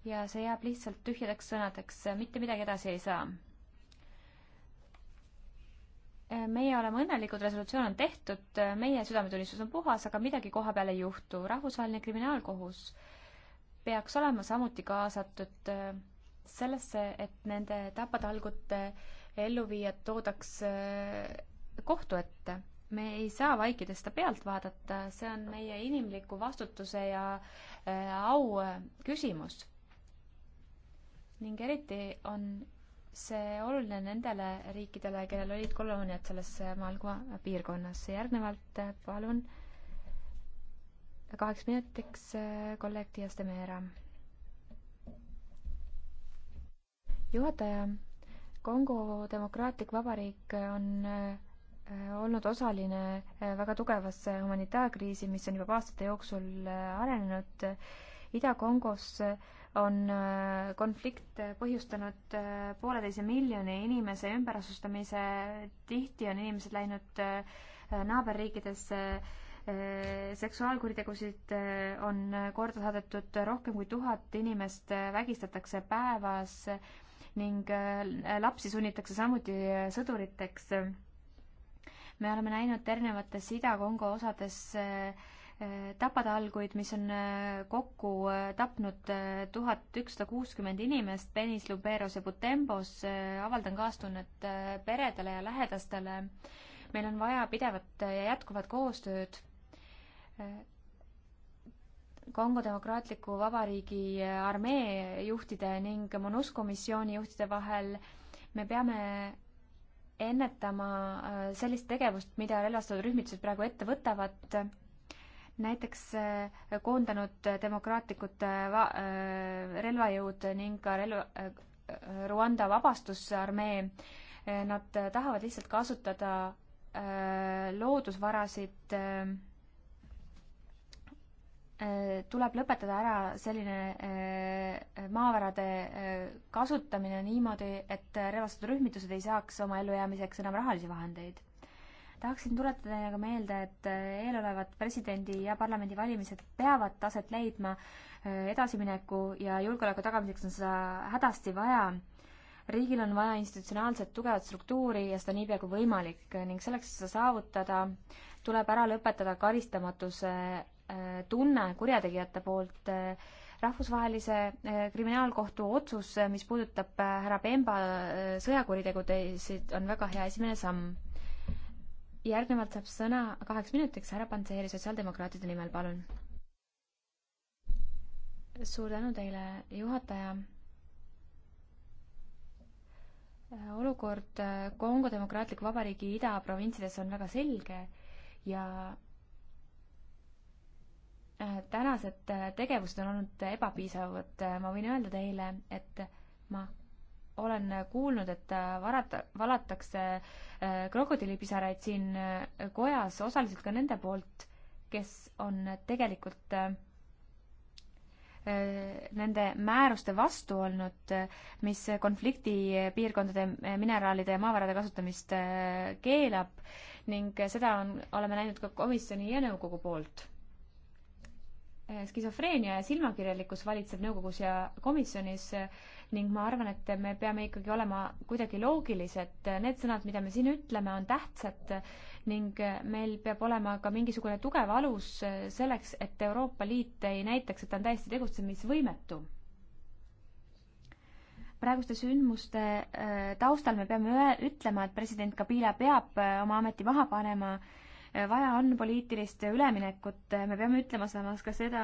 ja see jääb lihtsalt tühjadeks sõnadeks, äh, mitte midagi edasi ei saa. Äh, meie oleme õnnelikud, resolutsioon on tehtud, meie südametunnistus on puhas, aga midagi koha peal ei juhtu. rahvusvaheline kriminaalkohus peaks olema samuti kaasatud sellesse, et nende tapatalgute elluviijad toodaks kohtu ette me ei saa vaikida seda pealt vaadata, see on meie inimliku vastutuse ja äh, au äh, küsimus. ning eriti on see oluline nendele riikidele, kellel olid kolooniad selles Malgua piirkonnas. järgnevalt äh, palun kaheks minutiks äh, kolleeg Dias de Meera. juhataja, Kongo Demokraatlik Vabariik on äh, Äh, olnud osaline äh, väga tugevasse humanitaarkriisi, mis on juba aastate jooksul äh, arenenud. Ida-Kongos on konflikt põhjustanud pooleteise miljoni inimese ümberasustamise, tihti on inimesed läinud naaberriikidesse, seksuaalkuritegusid on korda saadetud rohkem kui tuhat inimest vägistatakse päevas ning lapsi sunnitakse samuti sõduriteks me oleme näinud erinevates Ida-Kongo osades eh, eh, tapatalguid, mis on eh, kokku tapnud tuhat ükssada kuuskümmend inimest Benis Luberos ja Butembos. avaldan kaastunnet peredele ja lähedastele. meil on vaja pidevat ja jätkuvat koostööd. Kongo Demokraatliku Vabariigi armee juhtide ning MONUSCO missiooni juhtide vahel me peame ennetama äh, sellist tegevust, mida relvastatud rühmitused praegu ette võtavad, näiteks äh, koondanud demokraatlikud äh, relvajõud ning ka relva, Rwanda vabastusarmee, nad tahavad lihtsalt kasutada loodusvarasid Äh, tuleb lõpetada ära selline äh, maavarade äh, kasutamine niimoodi, et relvastatud rühmitused ei saaks oma ellujäämiseks enam rahalisi vahendeid. tahaksin tuletada teile ka meelde, et eelolevad presidendi ja parlamendivalimised peavad aset leidma edasimineku ja julgeoleku tagamiseks on seda hädasti vaja riigil on vaja institutsionaalset tugevat struktuuri ja seda niipea kui võimalik ning selleks, et seda saavutada, tuleb ära lõpetada karistamatuse tunne kurjategijate poolt. Eh, rahvusvahelise eh, kriminaalkohtu otsus, eh, mis puudutab härra Bemba sõjakuritegudesid, on väga hea esimene samm. järgnevalt saab sõna kaheks minutiks härra Panseri sotsiaaldemokraatide nimel, palun. suur tänu teile, juhataja olukord Kongo Demokraatliku Vabariigi idaprovintsides on väga selge ja Äh, tänased äh, tegevused on olnud ebapiisavad, äh, ma võin öelda teile, et ma olen kuulnud, et varata, valatakse krokodillipisaraid siin kojas osaliselt ka nende poolt, kes on tegelikult nende määruste vastu olnud, mis konfliktipiirkondade mineraalide ja maavarade kasutamist keelab ning seda on, oleme näinud ka komisjoni ja nõukogu poolt Äh, skisofreenia ja silmakirjalikkus valitseb nõukogus ja komisjonis ning ma arvan, et me peame ikkagi olema kuidagi loogilised. Need sõnad, mida me siin ütleme, on tähtsad ning äh, meil peab olema ka mingisugune tugev alus äh, selleks, et Euroopa Liit ei näitaks, et ta on täiesti tegutsemisvõimetu. praeguste sündmuste taustal me peame ütlema, et president Kabila peab oma ameti maha panema vaja on poliitilist üleminekut, me peame ütlema samas ka seda,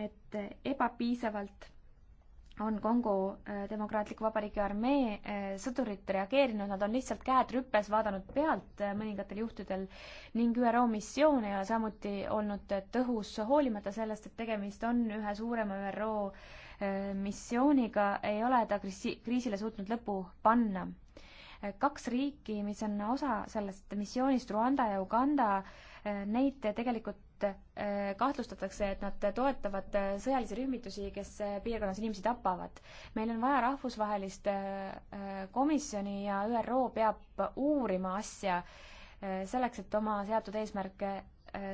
et ebapiisavalt on Kongo äh, Demokraatliku Vabariigi armee äh, sõdurid reageerinud, nad on lihtsalt käed rüpes vaadanud pealt äh, mõningatel juhtudel ning ÜRO missioon ei ole samuti olnud tõhus, hoolimata sellest, et tegemist on ühe suurema ÜRO missiooniga, ei ole ta kriisi, kriisile suutnud lõpu panna kaks riiki, mis on osa sellest missioonist, Rwanda ja Uganda, neid tegelikult äh, kahtlustatakse, et nad toetavad äh, sõjalisi rühmitusi, kes äh, piirkonnas inimesi tapavad. meil on vaja rahvusvahelist komisjoni ja ÜRO peab uurima asja selleks, et oma seatud eesmärke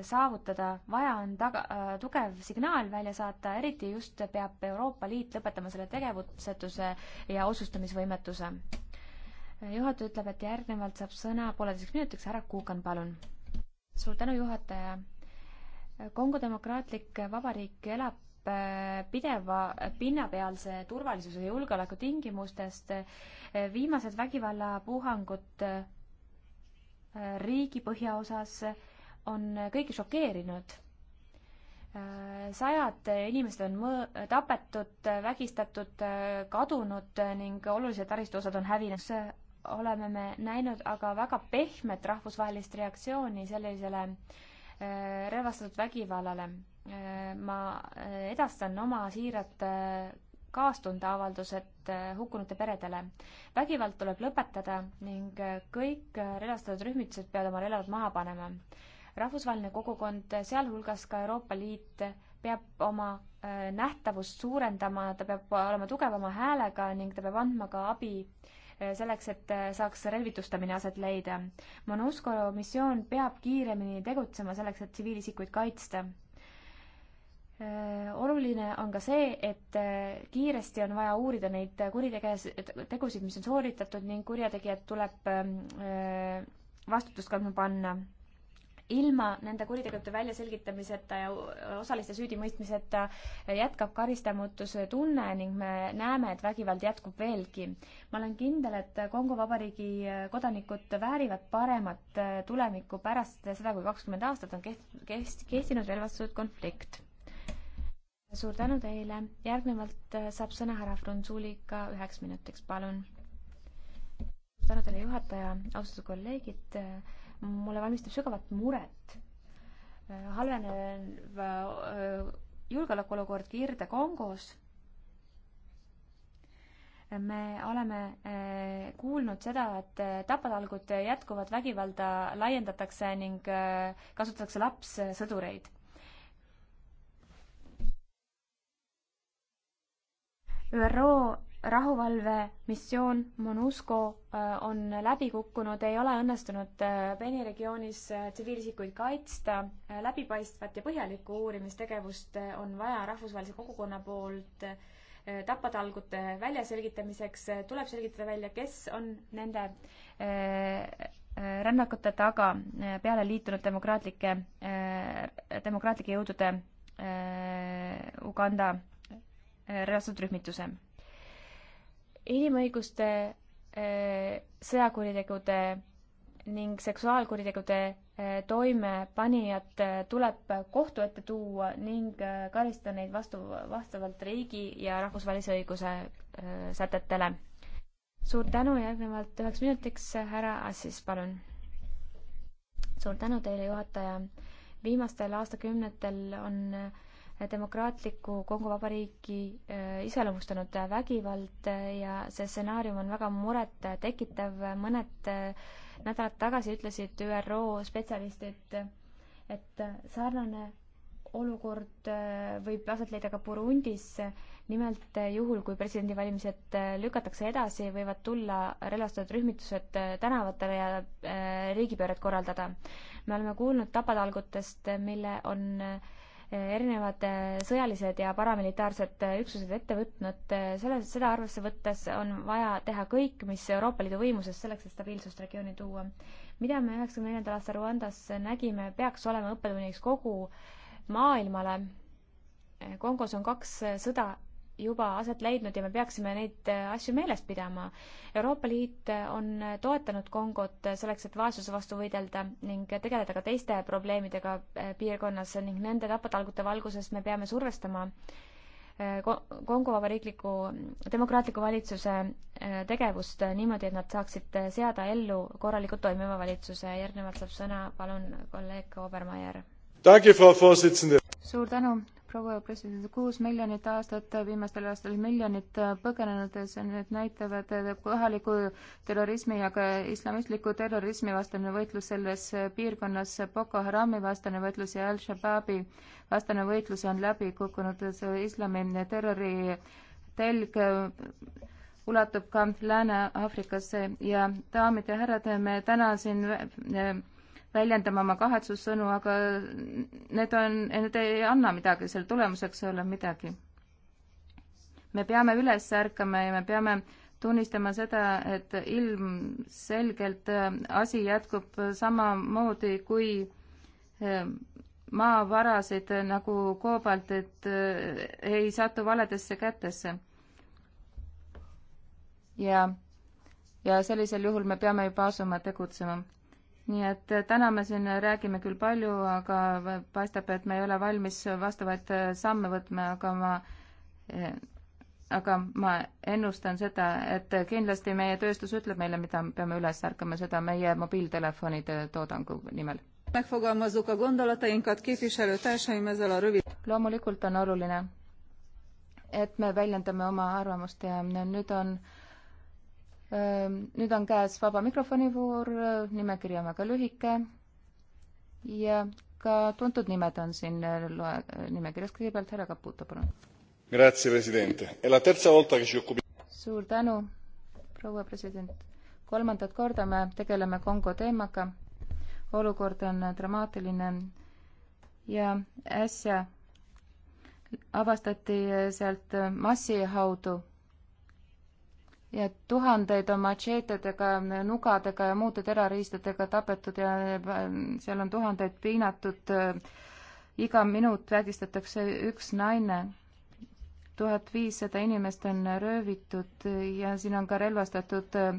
saavutada, vaja on taga, tugev signaal välja saata, eriti just peab Euroopa Liit lõpetama selle tegevusetuse ja otsustamisvõimetuse juhataja ütleb, et järgnevalt saab sõna pooleteiseks minutiks, härra Kuukan, palun. suur tänu, juhataja. Kongo Demokraatlik Vabariik elab äh, pideva äh, pinnapealse turvalisuse ja julgeoleku tingimustest. Äh, viimased vägivallapuhangud riigi põhjaosas on kõiki šokeerinud. sajad inimesed on mõ-, tapetud, vägistatud, kadunud ning olulised taristuosad on hävinud oleme me näinud aga väga pehmet rahvusvahelist reaktsiooni sellisele äh, relvastatud vägivallale. Äh, ma äh, edastan oma siirat kaastundeavaldused hukkunute peredele. vägivald tuleb lõpetada ning kõik relvastatud rühmitused peavad oma relvad maha panema. rahvusvaheline kogukond, sealhulgas ka Euroopa Liit, peab oma nähtavust suurendama, ta peab olema tugevama häälega ning ta peab andma ka abi äh, Eh, selleks, et eh, saaks relvitustamine aset leida. MONUSCO missioon peab kiiremini tegutsema selleks, et tsiviilisikuid kaitsta eh, oluline on ka see, et kiiresti on vaja uurida neid kuritegevusi, tegusid, mis on sooritatud ning kurjategijad tuleb vastutust kandma panna ilma nende kuritegude väljaselgitamiseta ja osaliste süüdimõistmiseta jätkab karistamatuse tunne ning me näeme, et vägivald jätkub veelgi. ma olen kindel, et Kongo Vabariigi kodanikud väärivad paremat tulevikku pärast seda, kui kakskümmend aastat on keht-, keht-, kehtinud relvastatud konflikt. suur tänu teile, järgnevalt saab sõna härra Frunzulika üheks minutiks, palun. suur tänu teile, juhataja, austatud kolleegid mulle valmistab sügavat muret. halvenev äh, julgeolekuolukord Kirde-Kongos. me oleme äh, kuulnud seda, et äh, tapatalgud jätkuvad, vägivalda laiendatakse ning kasutatakse lapssõdureid ÜRO rahuvalvemissioon MONUSCO äh, on läbi kukkunud, ei ole õnnestunud äh, Beni regioonis äh, tsiviilisikuid kaitsta. läbipaistvat ja põhjalikku uurimistegevust on vaja rahvusvahelise kogukonna poolt tapatalgute väljaselgitamiseks. tuleb selgitada välja, kes on nende rännakute taga peale liitunud demokraatlike, demokraatlike jõudude Uganda relvastatud rühmituse inimõiguste, eh, sõjakuritegude ning seksuaalkuritegude eh, toimepanijad eh, tuleb kohtu ette tuua ning karistada neid vastu, vastavalt riigi ja rahvusvahelise õiguse sätetele. suur tänu, järgnevalt üheks minutiks härra Assis, palun. suur tänu teile, juhataja. viimastel aastakümnetel on äh, demokraatlikku Kongo Vabariiki äh, iseloomustanud vägivald äh, ja see stsenaarium on väga muret tekitav. mõned äh, nädalad tagasi ütlesid ÜRO spetsialistid, et sarnane olukord võib aset leida ka Burundis. nimelt juhul, kui presidendivalimised lükatakse edasi, võivad tulla relvastatud rühmitused tänavatele ja riigipööret korraldada. me oleme kuulnud tapatalgutest, mille on äh, erinevad äh, sõjalised ja paramilitaarsed äh, üksused ette võtnud, äh, selle, seda arvesse võttes on vaja teha kõik, mis Euroopa Liidu võimuses selleks, et stabiilsust regiooni tuua. mida me üheksakümne neljandal aastal Rwandas nägime, peaks olema õppetunniks kogu maailmale. Kongos on kaks sõda juba aset leidnud ja me peaksime neid äh, asju meeles pidama. Euroopa Liit äh, on äh, toetanud Kongot selleks, et vaesuse vastu võidelda ning tegeleda ka teiste probleemidega piirkonnas ning nende tapatalgute valguses me peame survestama Kongo vabariikliku mm, demokraatliku valitsuse tegevust niimoodi, et nad saaksid seada ellu korralikult toimiva valitsuse. järgnevalt saab sõna palun kolleeg Obermeier. suur tänu, proua president, kuus miljonit aastat, viimastel aastatel miljonid põgenenud, see nüüd näitavad kohaliku terrorismi ja ka islamistliku terrorismi vastane võitlus selles piirkonnas, Boko Harami vastane võitlus ja Al-Shabaabi vastane võitlus on läbi kukkunud, see islami terrori telg ulatub ka Lääne-Aafrikasse ja daamid ja härrad, me täna siin väljendama oma kahetsussõnu, aga need on, need ei anna midagi, selle tulemuseks ei ole midagi. me peame üles ärkama ja me peame tunnistama seda, et ilmselgelt äh, asi jätkub äh, samamoodi kui äh, maavarasid nagu koobalt, et ei satu valedesse kätesse. ja, ja sellisel juhul me peame juba asuma tegutsema nii et äh, täna me siin räägime küll palju, aga paistab, et me ei ole valmis vastavaid äh, samme võtma, aga ma, äh, aga ma ennustan seda, et kindlasti meie tööstus ütleb meile, mida me peame üles ärkama, seda meie mobiiltelefonide toodangu nimel. loomulikult on oluline, et me väljendame oma arvamust ja nüüd on äh, nüüd on käes vaba mikrofoni voor, nimekiri on väga lühike ja ka tuntud nimed on siin äh, loe, äh, nimekirjas, kõigepealt härra Caputo, palun. suur tänu, proua president. kolmandat korda me tegeleme Kongo teemaga. olukord on dramaatiline ja äsja avastati sealt massihaudu ja tuhandeid on matšeetedega, nugadega ja muude terroristidega tapetud ja seal on tuhandeid piinatud. Äh, iga minut vägistatakse üks naine. tuhat viissada inimest on röövitud ja siin on ka relvastatud äh,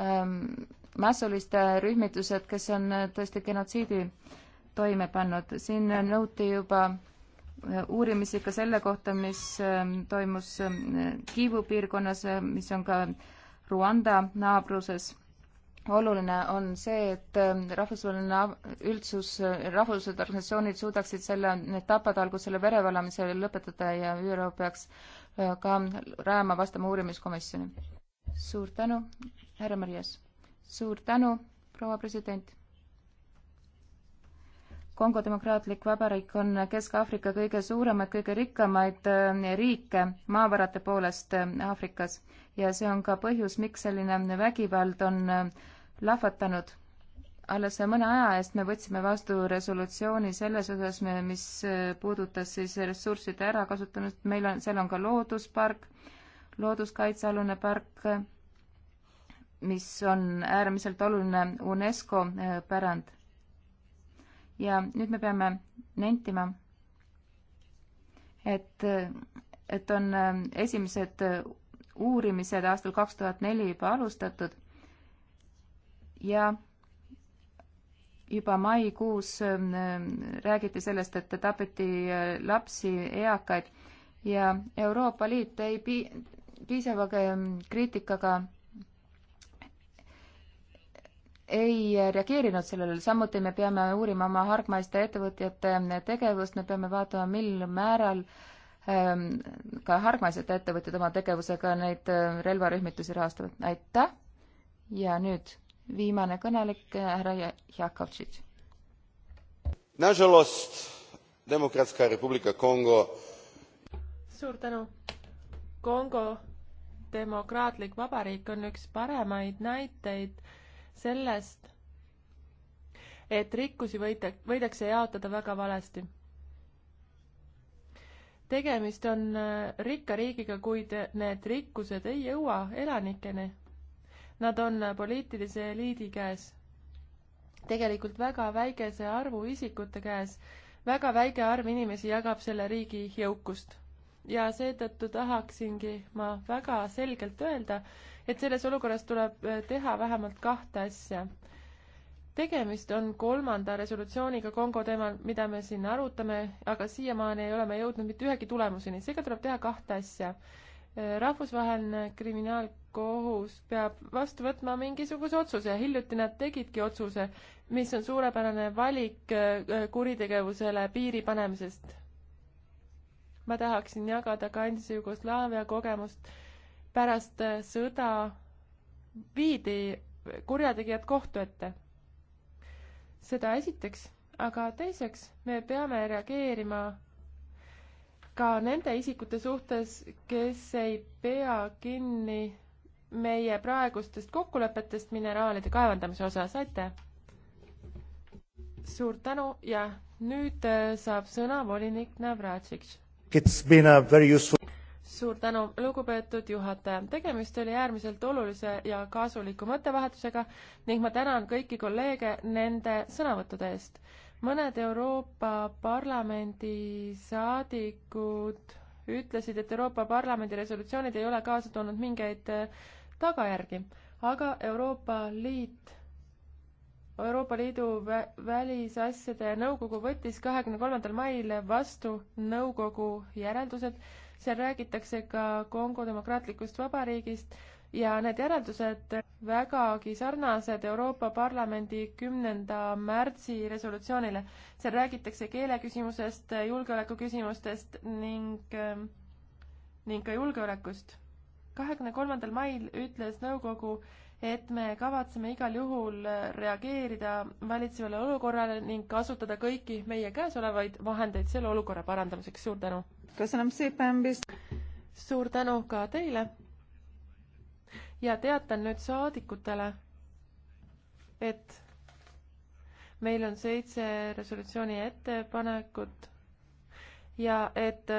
ähm, massuliste rühmitused, kes on äh, tõesti genotsiidi toime pannud. siin nõuti juba uurimisi ka selle kohta, mis ähm, toimus ähm, Kiivu piirkonnas, äh, mis on ka Rwanda naabruses. oluline on see, et ähm, rahvusvaheline üldsus, äh, rahvusvahelised organisatsioonid suudaksid selle, need tapatalgud selle verevalamise lõpetada ja ÜRO peaks äh, ka rajama vastama uurimiskomisjoni. suur tänu, härra Marias. suur tänu, proua president Kongo Demokraatlik Vabariik on Kesk-Aafrika kõige suuremaid, kõige rikkamaid äh, riike maavarade poolest äh, Aafrikas ja see on ka põhjus, miks selline vägivald on äh, lahvatanud. alles mõne aja eest me võtsime vastu resolutsiooni selles osas, mis puudutas siis ressursside ärakasutamist, meil on, seal on ka looduspark, looduskaitsealune park, mis on äärmiselt oluline UNESCO pärand ja nüüd me peame nentima, et, et on ähm, esimesed äh, uurimised aastal kaks tuhat neli juba alustatud ja juba maikuus ähm, räägiti sellest, et tapeti äh, lapsi, eakaid ja Euroopa Liit ei pi-, piisava ähm, kriitikaga ei reageerinud sellele, samuti me peame uurima oma hargmaiste ettevõtjate tegevust, me peame vaatama, mil määral ähm, ka hargmaised ettevõtjad oma tegevusega neid äh, relvarühmitusi rahastavad. aitäh ja nüüd viimane kõnelik, äh, härra Jakovtšitš. Nažalost, Demokratska Republika Kongo. suur tänu. Kongo demokraatlik vabariik on üks paremaid näiteid sellest, et rikkusi võite, võidakse jaotada väga valesti. tegemist on äh, rikka riigiga, kuid need rikkused ei jõua elanikeni. Nad on äh, poliitilise eliidi käes, tegelikult väga väikese arvu isikute käes, väga väike arv inimesi jagab selle riigi jõukust ja seetõttu tahaksingi ma väga selgelt öelda, et selles olukorras tuleb äh, teha vähemalt kahte asja. tegemist on kolmanda resolutsiooniga Kongo teemal, mida me siin arutame, aga siiamaani ei ole me jõudnud mitte ühegi tulemuseni, seega tuleb teha kahte asja. Äh, rahvusvaheline kriminaalkohus peab vastu võtma mingisuguse otsuse, hiljuti nad tegidki otsuse, mis on suurepärane valik äh, kuritegevusele piiri panemisest ma tahaksin jagada ka endise Jugoslaavia kogemust. pärast äh, sõda viidi kurjategijad kohtu ette. seda esiteks, aga teiseks me peame reageerima ka nende isikute suhtes, kes ei pea kinni meie praegustest kokkulepetest mineraalide kaevandamise osas, aitäh! suur tänu ja nüüd äh, saab sõna volinik Navratšitš suur tänu, lugupeetud juhataja. tegemist oli äärmiselt olulise ja kasuliku mõttevahetusega ning ma tänan kõiki kolleege nende sõnavõttude eest. mõned Euroopa Parlamendi saadikud ütlesid, et Euroopa Parlamendi resolutsioonid ei ole kaasa toonud mingeid tagajärgi, aga Euroopa Liit Euroopa Liidu välisasjade nõukogu võttis kahekümne kolmandal mail vastu nõukogu järeldused, seal räägitakse ka Kongo demokraatlikust vabariigist ja need järeldused vägagi sarnased Euroopa Parlamendi kümnenda märtsi resolutsioonile. seal räägitakse keeleküsimusest, julgeolekuküsimustest ning, ning ka julgeolekust. kahekümne kolmandal mail ütles nõukogu, et me kavatseme igal juhul reageerida valitsevale olukorrale ning kasutada kõiki meie käesolevaid vahendeid selle olukorra parandamiseks. suur tänu! suur tänu ka teile! ja teatan nüüd saadikutele, et meil on seitse resolutsiooni ettepanekut ja et